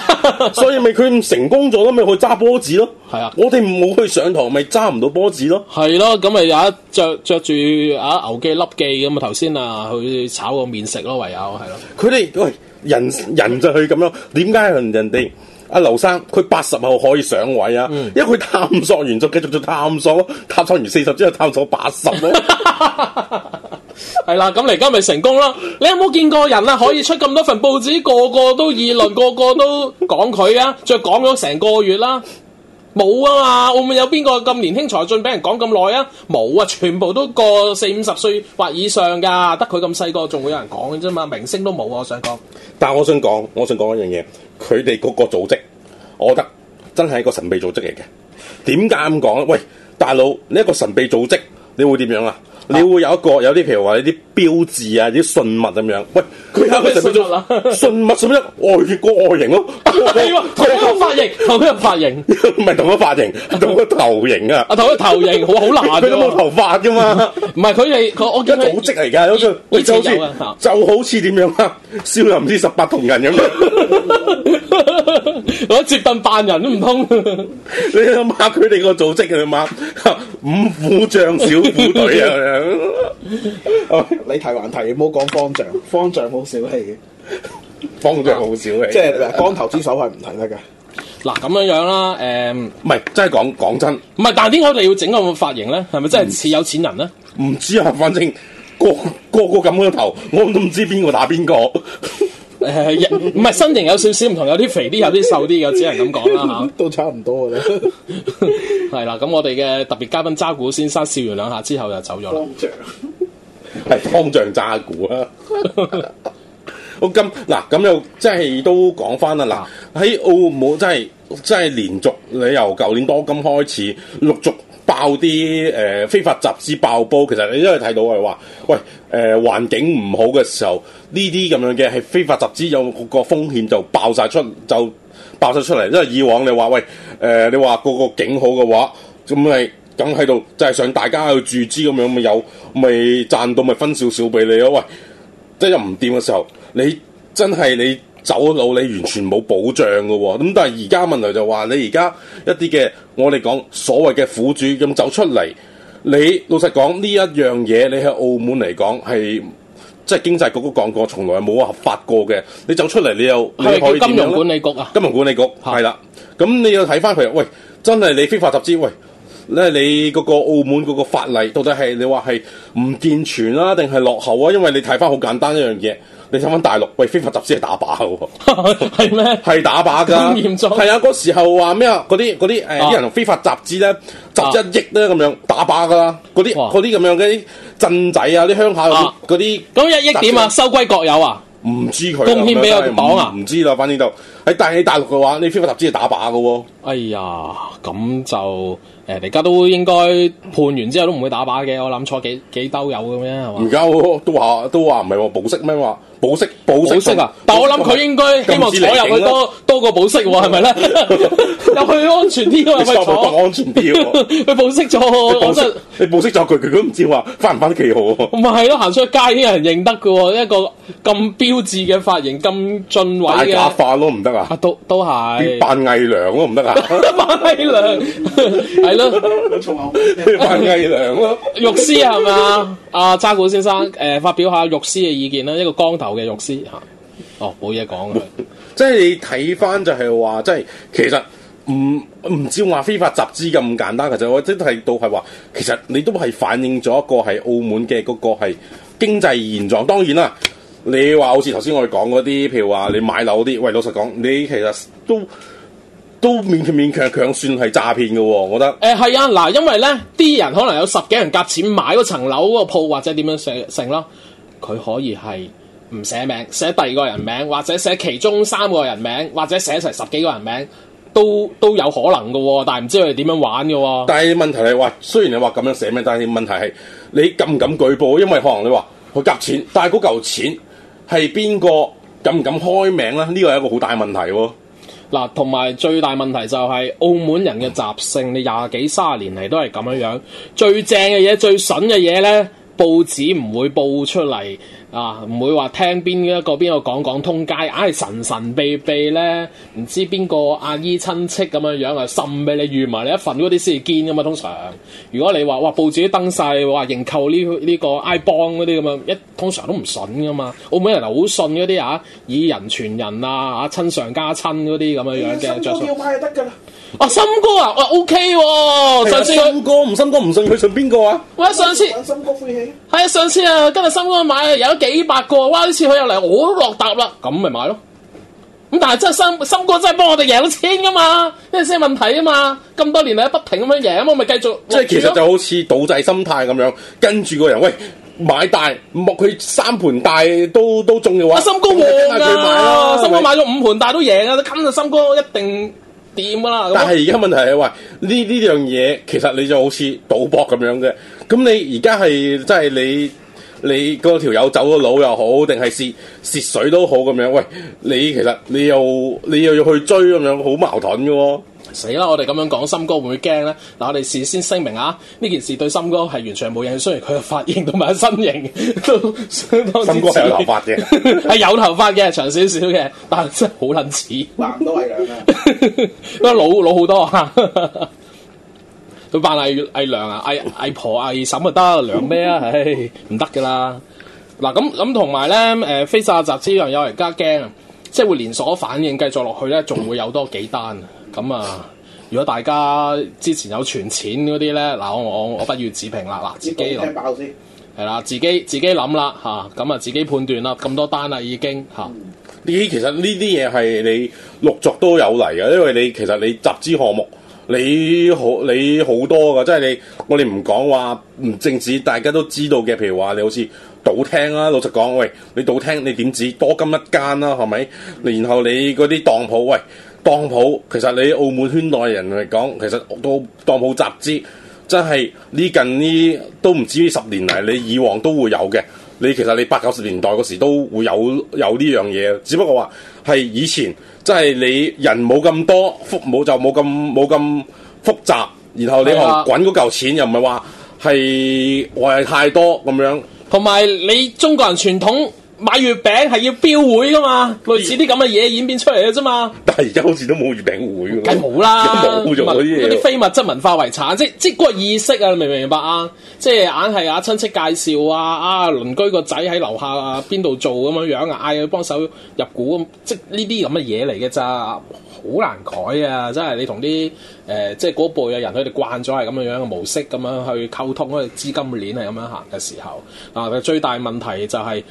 所，所以咪佢唔成功咗咯，咪去揸波子咯。係啊，我哋唔好去上堂咪揸唔到波子咯。係咯，咁咪有一着着住啊牛記粒記咁啊頭先啊去炒個麵食咯，唯有係咯。佢哋喂人人，人，人就去咁咯，點解人哋？人 阿劉生，佢八十號可以上位啊， 因為佢探索完，就繼續做探索，探索完四十之後探索八十咯，係啦， 咁嚟，而家咪成功咯。你有冇見過人啊？可以出咁多份報紙，個個都議論，個個都講佢啊，再講咗成個月啦。冇啊嘛，會唔會有邊個咁年輕才俊俾人講咁耐啊？冇啊，全部都過四五十歲或以上噶，得佢咁細個仲會有人講嘅啫嘛，明星都冇啊，我想講。但係我想講，我想講一樣嘢，佢哋嗰個組織，我覺得真係一個神秘組織嚟嘅。點解咁講咧？喂，大佬，你一個神秘組織。你會點樣啊？你會有一個有啲譬如話有啲標誌啊，啲信物咁樣。喂，佢有佢就做信物，信咩外國外形咯？你喎，同一個髮型，同一個髮型，唔係同一個髮型，係同一個頭型啊！啊，同一個頭型，好難。佢冇頭髮噶嘛？唔係，佢哋，佢我嘅組織嚟噶，好似就好似就好似點樣啊？少林寺十八銅人咁。我接駁扮人都唔通，你阿媽佢哋個組織佢阿媽，五虎將小。部啊！ 你提還提，唔好講方丈，方丈好小氣嘅，方丈好小氣，啊啊、即係光頭之手係唔提得嘅。嗱咁、啊、樣樣啦，誒、嗯，唔係，真係講講真，唔係，但係點解你要整咁嘅髮型咧？係咪真係似有錢人咧？唔、嗯、知啊，反正個，個個個咁樣個頭，我都唔知邊個打邊個。 誒，唔係、 啊、身形有少少唔同，有啲肥啲，有啲瘦啲，我只能咁講啦吓，都差唔多嘅。係 啦、啊，咁我哋嘅特別嘉賓渣古先生笑完兩下之後就，又走咗啦。方丈係方丈渣古啊！ 啊啊澳金嗱，咁又即係都講翻啦。嗱，喺澳門真係真係連續，你由舊年多金開始陸續，爆啲誒、呃、非法集資爆煲，其實你因為睇到係話、就是，喂誒、呃、環境唔好嘅時候，呢啲咁樣嘅係非法集資，有個風險就爆晒出，就爆曬出嚟。因為以往你話喂誒、呃，你話個個景好嘅話，咁你梗喺度就係、是、想大家去注資咁樣咪有，咪賺到咪分少少俾你咯。喂，即係又唔掂嘅時候，你真係你。走佬你完全冇保障嘅喎、哦，咁但係而家問題就話你而家一啲嘅我哋講所謂嘅苦主咁走出嚟，你老實講呢一樣嘢你喺澳門嚟講係即係經濟局都講過，從來冇合法過嘅，你走出嚟你又你又可以點啊？金融管理局啊，金融管理局係啦，咁的你要睇翻佢，喂，真係你非法集資，喂。咧，你嗰個澳門嗰個法例到底係你話係唔健全啦、啊，定係落後啊？因為你睇翻好簡單一樣嘢，你睇翻大陸，喂，非法集資係打靶嘅喎，係咩 嗎？係打靶㗎，係啊！嗰時候話咩、呃、啊？嗰啲啲誒啲人非法集資咧，集一億咧咁樣打靶㗎啦！嗰啲啲咁樣嗰啲鎮仔啊，啲鄉下嗰啲咁一億點啊？收歸國有啊？唔知佢，貢獻俾我哋黨啊？唔知啦，反正就。喺但係大陸嘅話，你飛馬投資係打靶嘅喎。哎呀，咁就誒，而家都應該判完之後都唔會打靶嘅。我諗錯幾幾兜友咁樣係嘛？而家都話都話唔係話保釋咩話？保釋保釋啊！但我諗佢應該希望坐入去多多過保釋喎，係咪咧？入去安全啲喎，咪左？更安全啲佢保釋咗。你保釋，你保釋咗佢，佢都唔知話翻唔翻得幾好。唔係咯，行出街啲人認得嘅喎，一個咁標誌嘅髮型，咁俊位嘅。大假髮咯，唔得。啊，都都係扮偽娘都唔得啊！啊 扮偽藝娘係咯，扮偽娘咯，啊，肉 師係嘛？阿揸、啊、古先生，誒、呃，發表下肉師嘅意見啦，一個光頭嘅肉師吓，哦，冇嘢講啦，即係你睇翻就係話，即係其實唔唔知話非法集資咁簡單，其實我真係到係話，其實你都係反映咗一個係澳門嘅嗰個係經濟現狀，當然啦。你話好似頭先我哋講嗰啲，譬如話你買樓啲，喂，老實講，你其實都都勉強勉強強算係詐騙嘅喎、哦，我覺得。誒係、欸、啊，嗱，因為咧啲人可能有十幾人夾錢買嗰層樓嗰個鋪或者點樣寫成咯，佢可以係唔寫名，寫第二個人名，或者寫其中三個人名，或者寫一齊十幾個人名，都都有可能嘅喎、哦，但係唔知佢哋點樣玩嘅喎、哦。但係問題係話，雖然你話咁樣寫名，但係問題係你敢唔敢舉報？因為可能你話佢夾錢，但係嗰嚿錢。係邊個敢唔敢開名咧？呢個係一個好大問題。嗱，同埋最大問題就係、是、澳門人嘅習性，你廿幾卅年嚟都係咁樣樣。最正嘅嘢、最筍嘅嘢咧，報紙唔會報出嚟。啊，唔會話聽邊一個邊個講講通街，唉，神神秘秘咧，唔知邊個阿姨、啊、親戚咁樣樣啊，滲俾你預埋你一份嗰啲先至堅噶嘛。通常，如果你話哇報紙登晒，話認購呢呢個 I、這個啊、Bond 嗰啲咁樣，一通常都唔信噶嘛。澳門人好信嗰啲啊，以人傳人啊，啊親上加親嗰啲咁樣樣嘅。信、嗯、哥要買就得噶啦。哦，森哥啊，啊 OK 上次信哥唔信哥唔信佢信邊個啊？喂、okay，嗯、上次。信哥晦氣。係啊，上次啊，今日森哥買有。幾百個，哇！呢次佢又嚟，我都落搭啦，咁咪買咯。咁但係真係森森哥真係幫我哋贏咗錢噶嘛？呢啲先係問題啊嘛！咁多年嚟，不停咁樣贏，我咪繼續。即係其實就好似倒制心態咁樣，跟住個人喂買大，望佢三盤大都都中嘅話，森哥旺啊！森哥、啊啊、哥買咗五盤大都贏啊！咁啊，森哥一定掂啦。但係而家問題係喂呢呢樣嘢，其實你就好似賭博咁樣嘅。咁你而家係即係你。你嗰條友走咗佬又好，定係蝕蝕水都好咁樣？喂，你其實你又你又要去追咁樣，好矛盾㗎。死啦！我哋咁樣講，森哥會唔會驚咧？嗱，我哋事先聲明啊，呢件事對森哥係完全冇影響，雖然佢嘅髮型同埋身形都森哥係有頭髮嘅，係 有頭髮嘅，長少少嘅，但真係好撚似，話唔多係樣啊， 都老老好多啊。佢扮阿阿娘、 哎、啊，阿阿婆阿二嬸就得，兩咩啊？唉、呃，唔得噶啦！嗱咁咁同埋咧，誒，飛沙集資有人加驚，即係會連鎖反應繼繼續落去咧，仲會有多幾單。咁啊，如果大家之前有存錢嗰啲咧，嗱、啊，我我我不予置評啦。嗱，自己諗，聽爆先。係啦，自己自己諗啦，吓咁啊，自己判斷啦。咁多單啊，已經吓。呢啲其實呢啲嘢係你陸續都有嚟嘅，因為你其實你集資項目。你好，你好多噶，即係你，我哋唔講話，唔淨止大家都知道嘅，譬如話你好似賭廳啦，老實講，喂，你賭廳你點止多金一間啦、啊，係咪？然後你嗰啲當鋪，喂，當鋪其實你澳門圈內人嚟講，其實都當鋪集資，真係呢近呢都唔止於十年嚟，你以往都會有嘅。你其實你八九十年代嗰時都會有有呢樣嘢，只不過話係以前即係、就是、你人冇咁多，復冇就冇咁冇咁複雜，然後你學滾嗰嚿錢又唔係話係為太多咁樣，同埋你中國人傳統。買月餅係要標會噶嘛，類似啲咁嘅嘢演變出嚟嘅啫嘛。但係而家好似都冇月餅會，梗係冇啦，冇咗啲。啲非物質文化遺產，即係即個意識啊，你明唔明白啊？即係硬係啊，親戚介紹啊，啊鄰居個仔喺樓下啊，邊度做咁樣樣啊，嗌佢幫手入股咁，即係呢啲咁嘅嘢嚟嘅咋，好難改啊！真係你同啲。誒、呃，即係嗰一輩人，佢哋慣咗係咁樣樣嘅模式，咁樣去溝通嗰啲資金鏈係咁樣行嘅時候，啊，最大問題就係、是，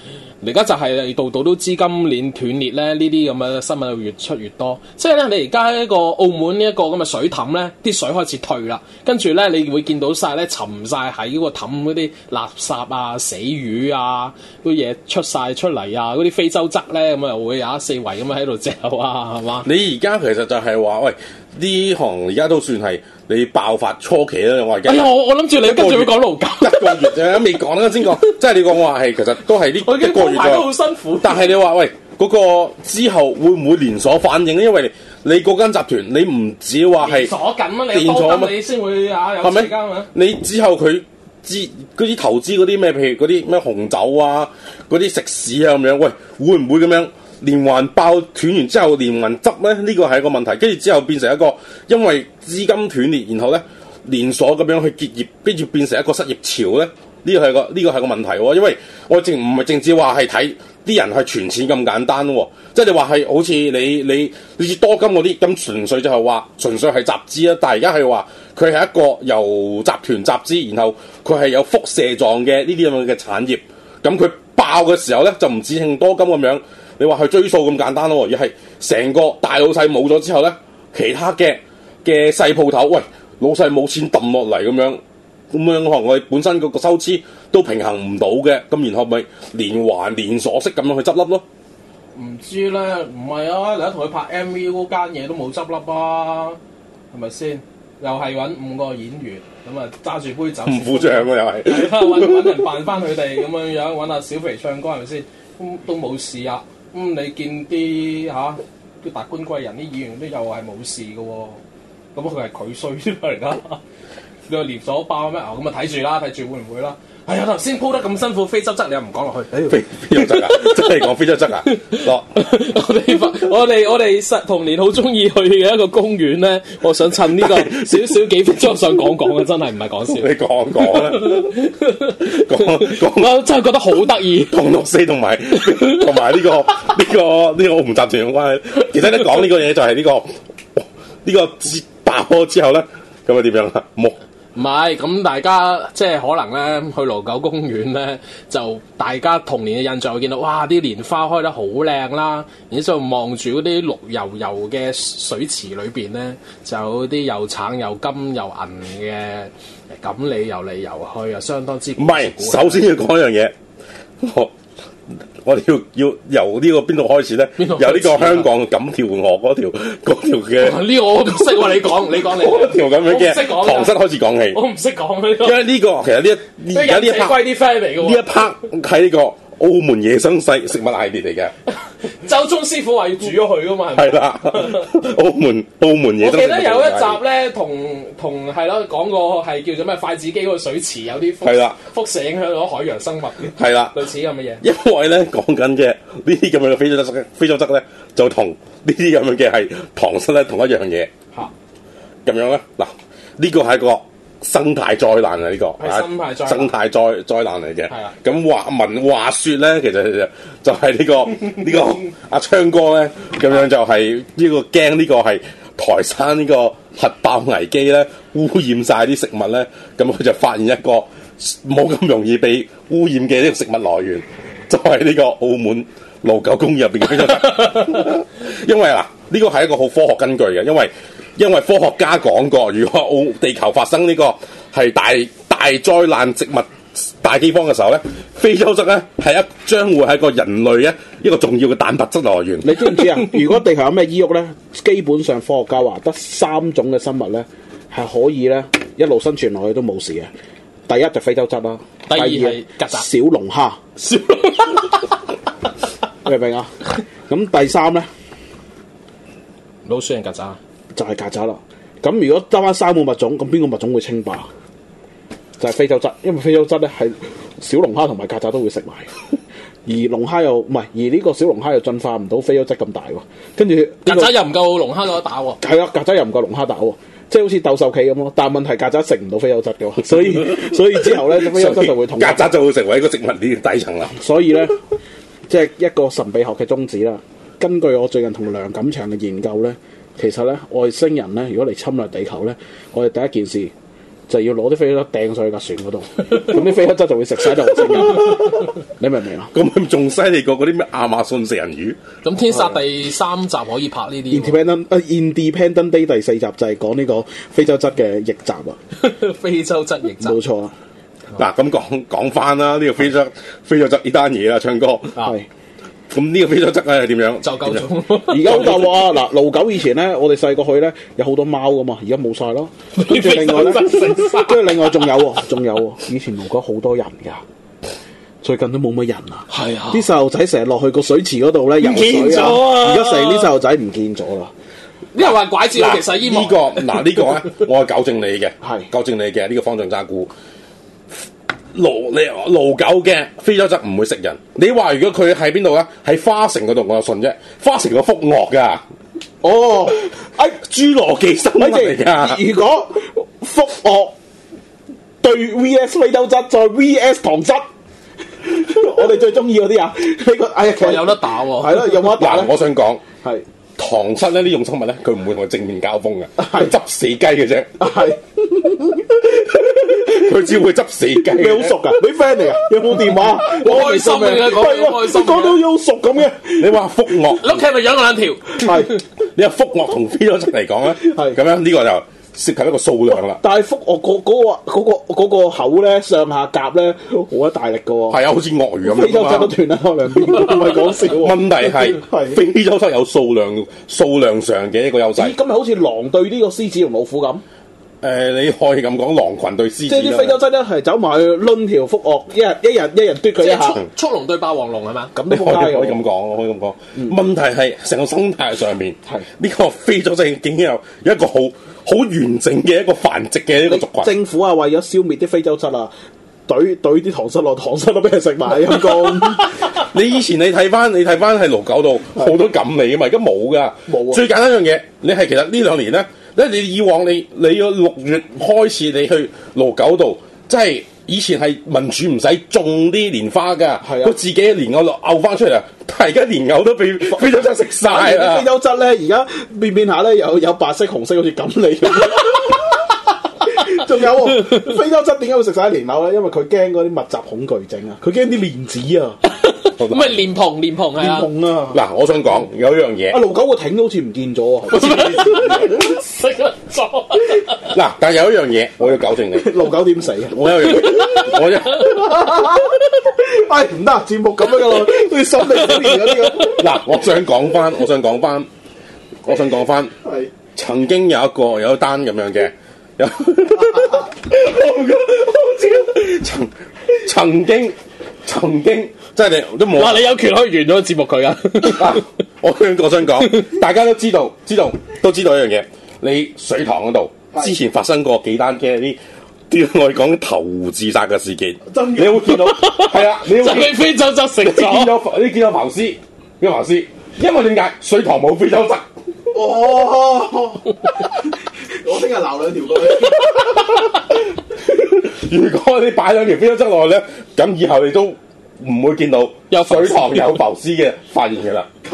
而家就係度度都資金鏈斷裂咧，呢啲咁嘅新聞越出越多。即係咧，你而家呢個澳門呢一個咁嘅水凼咧，啲水開始退啦，跟住咧，你會見到晒咧沉晒喺嗰個氹嗰啲垃圾啊、死魚啊、啲嘢出晒出嚟啊，嗰啲非洲鰂咧咁又會有一四圍咁啊喺度嚼啊，係嘛？你而家其實就係話，喂！呢行而家都算係你爆發初期啦、哎呦是，我而家，我我諗住你跟住會講勞教一個月，你未講啦，先講，即係 你講我話係，其實都係呢 一個月都好辛苦。但，但係你話喂，嗰、嗰個之後會唔會連鎖反應咧？因為你嗰間集團，你唔止話係鎖緊啊，你連鎖你先嗎會啊有時間啊嘛。你之後佢資啲投資嗰啲咩？譬如嗰啲咩紅酒啊，嗰啲食肆啊咁樣，喂，會唔會咁樣？連環爆斷完之後，連環執咧，呢個係一個問題。跟住之後變成一個，因為資金斷裂，然後咧連鎖咁樣去結業，跟住變成一個失業潮咧，呢個係個呢個係個問題、哦。因為我淨唔係淨止話係睇啲人係存錢咁簡單、哦，即係你話係好似你你你多金嗰啲咁，純粹就係話純粹係集資啦。但係而家係話佢係一個由集團集資，然後佢係有輻射狀嘅呢啲咁嘅產業，咁佢爆嘅時候咧就唔止興多金咁樣。你話係追數咁簡單咯，而係成個大老細冇咗之後咧，其他嘅嘅細鋪頭，喂，老細冇錢抌落嚟，咁樣咁樣我我本身嗰個收支都平衡唔到嘅，咁然後咪連環連鎖式咁樣去執笠咯？唔知咧，唔係啊，而家同佢拍 MV 嗰間嘢都冇執笠啊，係咪先？又係搵五個演員，咁啊揸住杯酒、啊，唔付賬啊又係，搵搵人扮翻佢哋咁樣樣，搵阿小肥唱歌係咪先？都都冇事啊！咁、嗯、你見啲嚇啲達官貴人啲議員都又係冇事嘅喎，咁佢係佢衰先啦，而家你話連鎖爆咩？哦，咁 啊睇住啦，睇住會唔會啦？係啊，頭先鋪得咁辛苦，非洲鰂你又唔講落去，哎非，非洲鰂啊，真係講非洲鰂啊，我哋我哋我哋實童年好中意去嘅一個公園咧，我想趁呢個少少幾分鐘想講講啊， 真係唔係講笑，你講講啦，講講， 我真係覺得好得意，同六四同埋同埋呢個呢、這個呢、這個唔集團嘅關係，其實你講呢個嘢就係呢、這個呢、這個節爆之後咧，咁啊點樣啊？冇。唔係，咁大家即係可能咧去盧九公園咧，就大家童年嘅印象，會見到哇啲蓮花開得好靚啦，然之後望住嗰啲綠油油嘅水池裏邊咧，就有啲又橙又金又銀嘅錦鯉又嚟遊去，又相當之唔係，是計首先要講一樣嘢。 我哋 要要由呢個邊度開始咧？始由呢個香港錦鈺河嗰條嘅呢、 啊呢個我唔識喎，你講你講你。 條咁樣嘅唐室開始講起，我唔識講因為呢、呢個其實呢一而家呢一 part 係呢個。 澳門野生西食，食物系列嚟嘅。 周中師傅話要煮咗佢啊嘛。係啦， 澳門澳門嘢，我記得有一集咧，同同係咯，講過係叫做咩筷子基嗰個水池有啲係啦，輻射的影響咗海洋生物嘅，係啦的，類似咁嘅嘢。的因為咧講緊嘅呢啲咁嘅非洲鰂，非洲鰂咧就同呢啲咁樣嘅係糖質咧同一樣嘢吓，咁哈樣啦。嗱呢個係個。生態災難啊！的呢個生態災災難嚟嘅。係啊，咁話文話説咧，其實就就係呢個呢、 這個阿、啊、昌哥咧，咁樣就係、是、呢、這個驚呢個係台山呢個核爆危機咧，污染晒啲食物咧，咁佢就發現一個冇咁容易被污染嘅呢個食物來源，就係呢個澳門盧九公園入邊。因為嗱，呢個係一個好科學根據嘅，因為。因為科學家講過，如果澳地球發生呢、這個係大大災難植物大飢荒嘅時候咧，非洲質咧係一將會係一個人類一一個重要嘅蛋白質來源。你知唔知啊？ 如果地球有咩依喐咧，基本上科學家話得三種嘅生物咧係可以咧一路生存落去都冇事嘅。第一就非洲質啦，第二係曱甴、小龍蝦，明唔明啊？咁第三咧，老鼠定曱甴就係曱甴啦。咁如果爭翻三個物種，咁邊個物種會稱霸？就係、是、非洲鰂，因為非洲鰂咧係小龍蝦同埋曱甴都會食埋。而龍蝦又唔係，而呢個小龍蝦又進化唔到非洲鰂咁大喎。跟住曱甴又唔夠龍蝦打得喎。係啊，曱甴又唔夠龍蝦打喎。即係好似鬥獸棋咁咯。但係問題曱甴食唔到非洲鰂嘅喎，所以所以之後咧，非洲鰂就會同曱甴就會成為一個食物鏈呢個底層啦。所以咧，即、就、係、是、一個神秘學嘅宗旨啦。根據我最近同梁錦祥嘅研究咧。其實咧，外星人咧，如果嚟侵略地球咧，我哋第一件事就係、是、要攞啲非洲汁掟上去架船嗰度，咁啲非洲汁就會食曬條脷。 你明唔明啊？咁仲犀利過嗰啲咩亞馬遜食人魚？咁《天煞》第三集可以拍呢啲、啊哦。Independent 啊、uh，Independent Day 第四集就係講呢個非洲汁嘅逆襲啊！ 非洲汁逆襲，冇錯啊！嗱、哦，咁、啊、講講翻啦，呢、這個非洲非洲汁呢單嘢啦，唱歌。咁呢個非洲鰂咧係點樣？就夠咗。而家就話，嗱，老、啊、 九以前咧，我哋細個去咧有好多貓噶嘛， 而家冇晒咯。跟住另外咧，跟住 另外仲有，仲有。以前路九好多人噶，最近都冇乜人啦。係啊，啲細路仔成日落去個水池嗰度咧游水，啊。而家成啲細路仔唔見咗啦，啊。呢為話拐子，其實依呢個嗱呢、這個咧、啊，我係糾正你嘅，係糾正你嘅呢、這個方丈渣古。盧你盧狗嘅非洲鰂唔會食人，你話如果佢喺邊度咧？喺花城嗰度，我就信啫。花城個腹惡噶，哦，哎，侏羅紀生物嚟噶。等等啊、如果腹惡對 V S 非洲鰂再 V S 唐鰂， 我哋最中意嗰啲啊，呢個 哎呀，其實有得打喎、哦，係咯，有冇得打咧、啊？我想講係。塘虱咧啲用生物咧，佢唔會同佢正面交鋒嘅，係執死雞嘅啫。係，佢只會執死雞。你好熟噶，你 friend 嚟啊有冇電話？我開心嘅，講，我講到好熟咁嘅。你話伏樂，你屋企係咪養兩條？係，你話伏樂同非洲鰂嚟講咧，係咁樣呢個就。涉及一個數量啦，但係福鱷嗰嗰個口咧上下夾咧好一大力㗎喎，係啊，好似鱷魚咁樣，非洲鰂係斷啦兩邊，唔係講笑。問題係非洲鰂有數量數量上嘅一個優勢，咁咪好似狼對呢個獅子同老虎咁。誒，你可以咁講，狼群對獅子，即係啲非洲鰂係走埋去攆條福鱷，一日一日一人奪佢一下，速龍對霸王龍係嘛？咁你可以可以咁講，可以咁講。問題係成個生態上面係呢個非洲鰂係竟然有有一個好。好完整嘅一個繁殖嘅一個族群。政府啊，為咗消滅啲非洲鰂啊，懟懟啲塘虱落塘，虱都俾佢食埋。咁 你以前你睇翻，你睇翻係盧九度好 多感味噶嘛，而家冇噶，冇、啊。最簡單一樣嘢，你係其實呢兩年咧，因為你以往你你個六月開始你去盧九度，即係。以前係民主唔使種啲蓮花㗎，佢的自己蓮藕落摳翻出嚟。但係而家蓮藕都被非洲鰂食晒， 非洲鰂咧，而家變變下咧，有有白色、紅色，好似錦鯉嚟。仲 有，非洲鰂點解會食晒蓮藕咧？因為佢驚嗰啲密集恐懼症啊，佢驚啲蓮子啊。 唔係蓮蓬，蓮蓬係啊。嗱，我想講有一樣嘢。阿老九個艇好似唔見咗啊！食咗。嗱、 啊，但係有一樣嘢，我要糾正你。老九點死、啊？我有要，我 有、哎。唉，唔得，節目咁樣咯，都要收你錢嗰啲嘢。嗱，我想講翻，我想講翻，我想講翻，係 是曾經有一個有一單咁樣嘅。老九、 啊啊啊啊啊，我知。曾曾經。曾經即係你都冇，哇、啊！你有權可以完咗節目佢噶。我 我想講，大家都知道，知道，都知道一樣嘢。你水塘嗰度之前發生過幾單嘅啲， 我哋講投湖自殺嘅事件。真的你會你見到係啊，你見到非洲就死咗， 你見到你見到浮屍，你見到浮屍？因為點解水塘冇非洲鰂？哦，哇 我聽日鬧兩條過你。 如果你擺兩條非洲鯽落去咧，咁以後你都唔會見到有水塘有浮屍嘅發現嘅啦。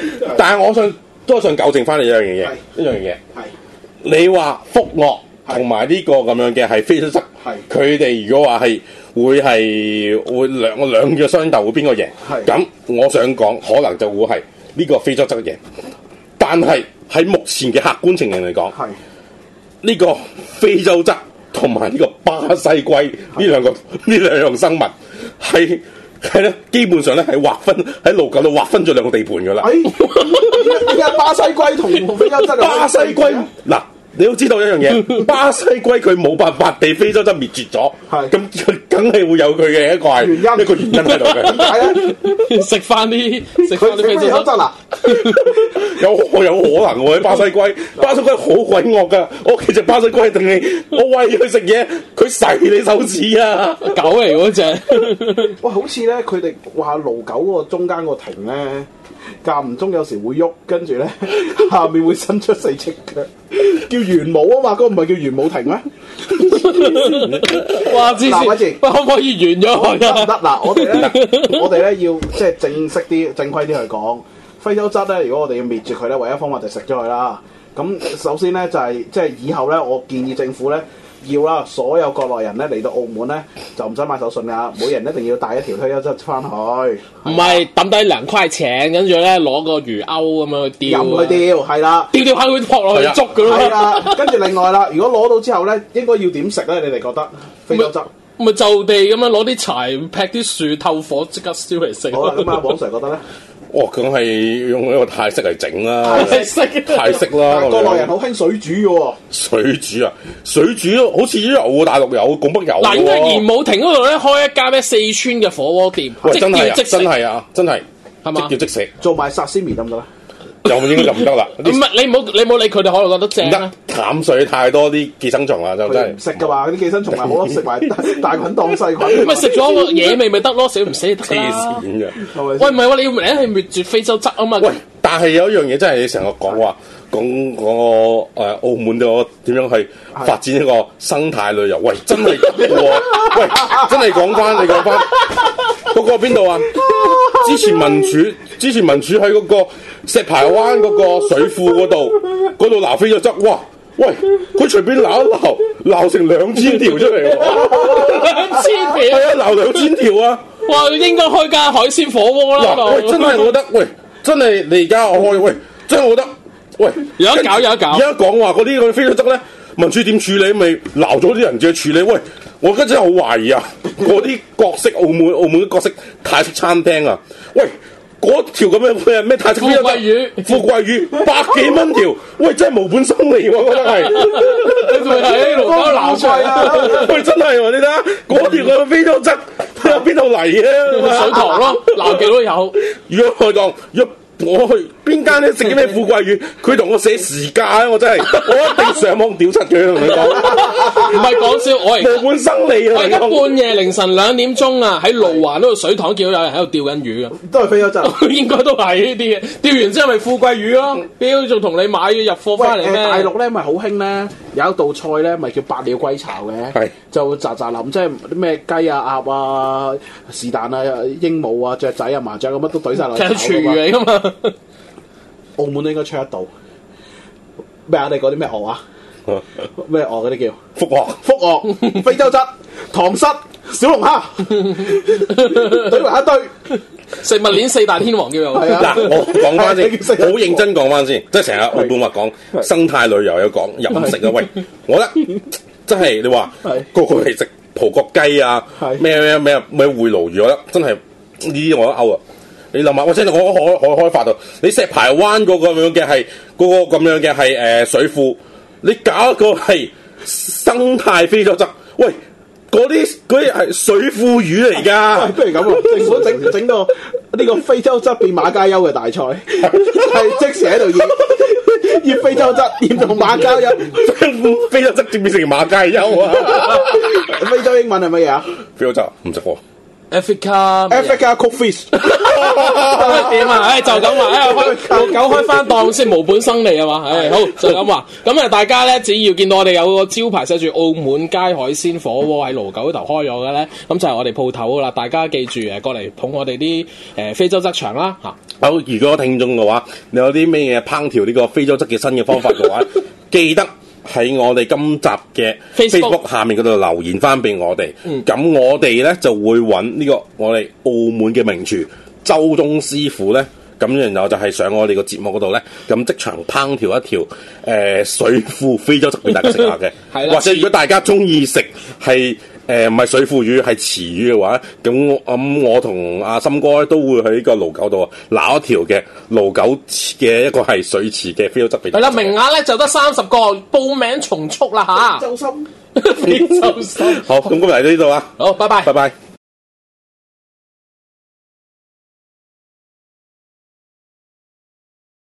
嗯、 但係我想都係想糾正翻你一 樣嘢一樣嘢。係你話福鱷同埋呢個咁樣嘅係非洲鯽，係佢哋如果話係會係會，會兩兩隻雙鬥，會邊個贏？係咁，我想講 可能就會係。呢個非洲鰂嘅，嘢，但係喺目前嘅客觀情形嚟講，呢是個非洲鰂同埋呢個巴西龜呢兩個呢兩是樣生物，係係咧，基本上咧係劃分喺路夠度劃分咗兩個地盤噶啦。哎、 巴西龜同非洲鰂？巴西龜嗱。你都知道一樣嘢，巴西龜佢冇辦法地非洲鰂滅絕咗，咁梗係會有佢嘅一，因一個原因，一個原因喺度嘅。食翻啲，食翻啲。非洲鰂啦。有有可能喎，巴西龜， 巴西龜好鬼惡噶。我其實巴西龜定係我餵佢食嘢，佢噬你手指啊！狗嚟嗰隻， 哇！好似咧，佢哋話盧九個中間個亭咧。間唔中有時會喐，跟住咧下面會伸出四隻腳，叫玄武啊嘛，嗰唔係叫玄武亭咩？可唔可以完咗佢，唔得嗱，我哋我哋咧要即係正式啲、正規啲去講，非洲鰂咧，如果我哋要滅絕佢咧，唯一方法就食咗佢啦。咁首先咧就係、是、即係以後咧，我建議政府咧。要啦！所有國內人咧嚟到澳門咧，就唔使買手信啦。每人一定要帶一條退休針翻去。唔係抌低兩塊錢跟住咧，攞個魚鈎咁樣去釣、啊，入去釣，係啦。釣釣下佢撲落去捉噶咯。係啦、啊。 跟住另外啦，如果攞到之後咧，應該要點食咧？你哋覺得？非洲鰂咪就地咁樣攞啲柴劈啲樹透火，即刻燒嚟食。好咁啊，黃 sir 覺得咧？哦，梗係用一個泰式嚟整啦，泰式泰式啦、啊，國內人好興水煮嘅喎。水煮啊，水煮、啊、好似有喎，大陸有，拱北、啊、有喎。嗱，而家嚴武庭嗰度咧，開一間咩四川嘅火鍋店，喂即叫即食啊，真係啊，真係、啊，係咪？嗎即叫即食，做埋沙嗲麵得唔得啊？就應該就唔得啦！唔係，你唔好你唔好理佢哋，可能覺得正，淡水太多啲寄生蟲啦，就真係唔食嘅話，啲寄生蟲咪好咯，食埋大菌當細菌。唔係食咗嘢味咪得咯，死唔死得。黐線嘅，喂，唔係你要嚟係滅絕非洲鰂啊嘛！喂，但係有一樣嘢真係成日講話講講誒澳門嘅點樣去發展一個生態旅遊？喂，真係邊個？喂，真係講翻你講翻嗰個邊度啊？之前民主，之前民主喺嗰個，石排灣嗰個水庫嗰度，嗰度撈非洲鰂，哇！喂，佢隨便撈一撈，撈成兩、啊、 千條出嚟，兩千條，係啊，撈兩千條啊！哇，應該開間海鮮火鍋啦，喂裡真係我覺得，喂，真係你而家我開喂，真係我覺得，喂，有一搞著有一搞，而家講話嗰啲咁非洲鰂咧，民署點處理咪、就是、撈咗啲人再去處理？喂，我而家真係好懷疑啊！嗰啲 角色澳，澳門澳門嘅角色，泰式餐廳啊，喂。喂嗰條咁嘅喂咩？泰式飛魚，富貴魚，百幾蚊條，喂，真係冇本生利喎，啊，得係 你仲係喺度鬧出嚟啊？喂，真係你睇嗰條嘅非洲鰂，睇下邊度嚟啊？水塘咯，鬧極都有， 如果佢講。我去邊間咧食啲咩富貴魚？佢同我寫時間啊！我真係我一定上網屌柒佢，同你講唔係講笑。我係、冇本生利啊、半夜凌晨兩點鐘啊，喺路環嗰度水塘見是到有人喺度釣緊魚噶，都係非洲鰂， 應該都係呢啲。釣完之後咪富貴魚咯、啊，標仲同你買咗入貨翻嚟咩？大陸咧咪好興咧，有一道菜咧咪叫百鳥歸巢嘅，是就喳喳林即係咩雞啊、鴨啊、是但啊、鸚鵡啊、雀仔啊、麻雀咁乜都懟晒落嚟。雀巢嚟噶嘛？澳門都應該出得到。咩啊？你嗰啲咩河啊？咩河嗰啲叫福鱷？福鱷？非洲鯽、塘虱，小龍蝦，堆埋 一堆。食物鏈四大天王叫做。嗱、 啊，我講翻先，啊、講好認真講翻先，即係成日澳門話講生態旅遊有講飲食啊。喂，啊、我覺得真係你話個個係食葡國雞啊，咩咩咩咩回爐魚，我覺得真係呢啲我都嘔啊！你諗下，我真係我開開開發度，你石排灣嗰個咁樣嘅係嗰個咁樣嘅係誒水庫，你搞一個係生態非洲鰂，喂，嗰啲嗰啲係水庫魚嚟噶，不如咁啊，政府整整,整,整,整到呢個非洲鰂變馬介休嘅大菜，係 即時喺度醃醃非洲鰂，醃到馬介休， 非洲鰂變變成馬介休啊！ 非洲英文係乜嘢啊？非洲鰂，唔食貨。Africa，Africa，cook fish。點啊？哎，就咁話。哎，盧九開翻檔先，無本生利吖嘛？唉、哎，好就咁話。咁啊，大家咧只要見到我哋有個招牌寫住澳門街海鮮火鍋喺盧九嗰頭開咗嘅咧，咁就係我哋鋪頭噶啦。大家記住誒，過嚟捧我哋啲誒非洲鰂腸啦吓。啊、好，如果聽眾嘅話，你有啲咩嘢烹調呢個非洲鰂嘅新嘅方法嘅話， 記得。喺我哋今集嘅 Facebook 下面嗰度留言翻俾我哋，咁、嗯、我哋咧就會揾呢、這個我哋澳門嘅名廚周宗師傅咧，咁然後就係上我哋個節目嗰度咧，咁即場烹調一條誒、呃、水庫非洲鰂，俾大家食下嘅， 的或者如果大家中意食係。誒唔係水庫魚，係池魚嘅話，咁咁、嗯、我同阿森哥咧都會喺個盧九度嗱一條嘅盧九嘅一個係水池嘅 feel 質俾你。係啦，名額咧就得三十個，報名重速啦吓，啊、心，心。 好，咁今日嚟到呢度啊。好，拜拜，拜拜。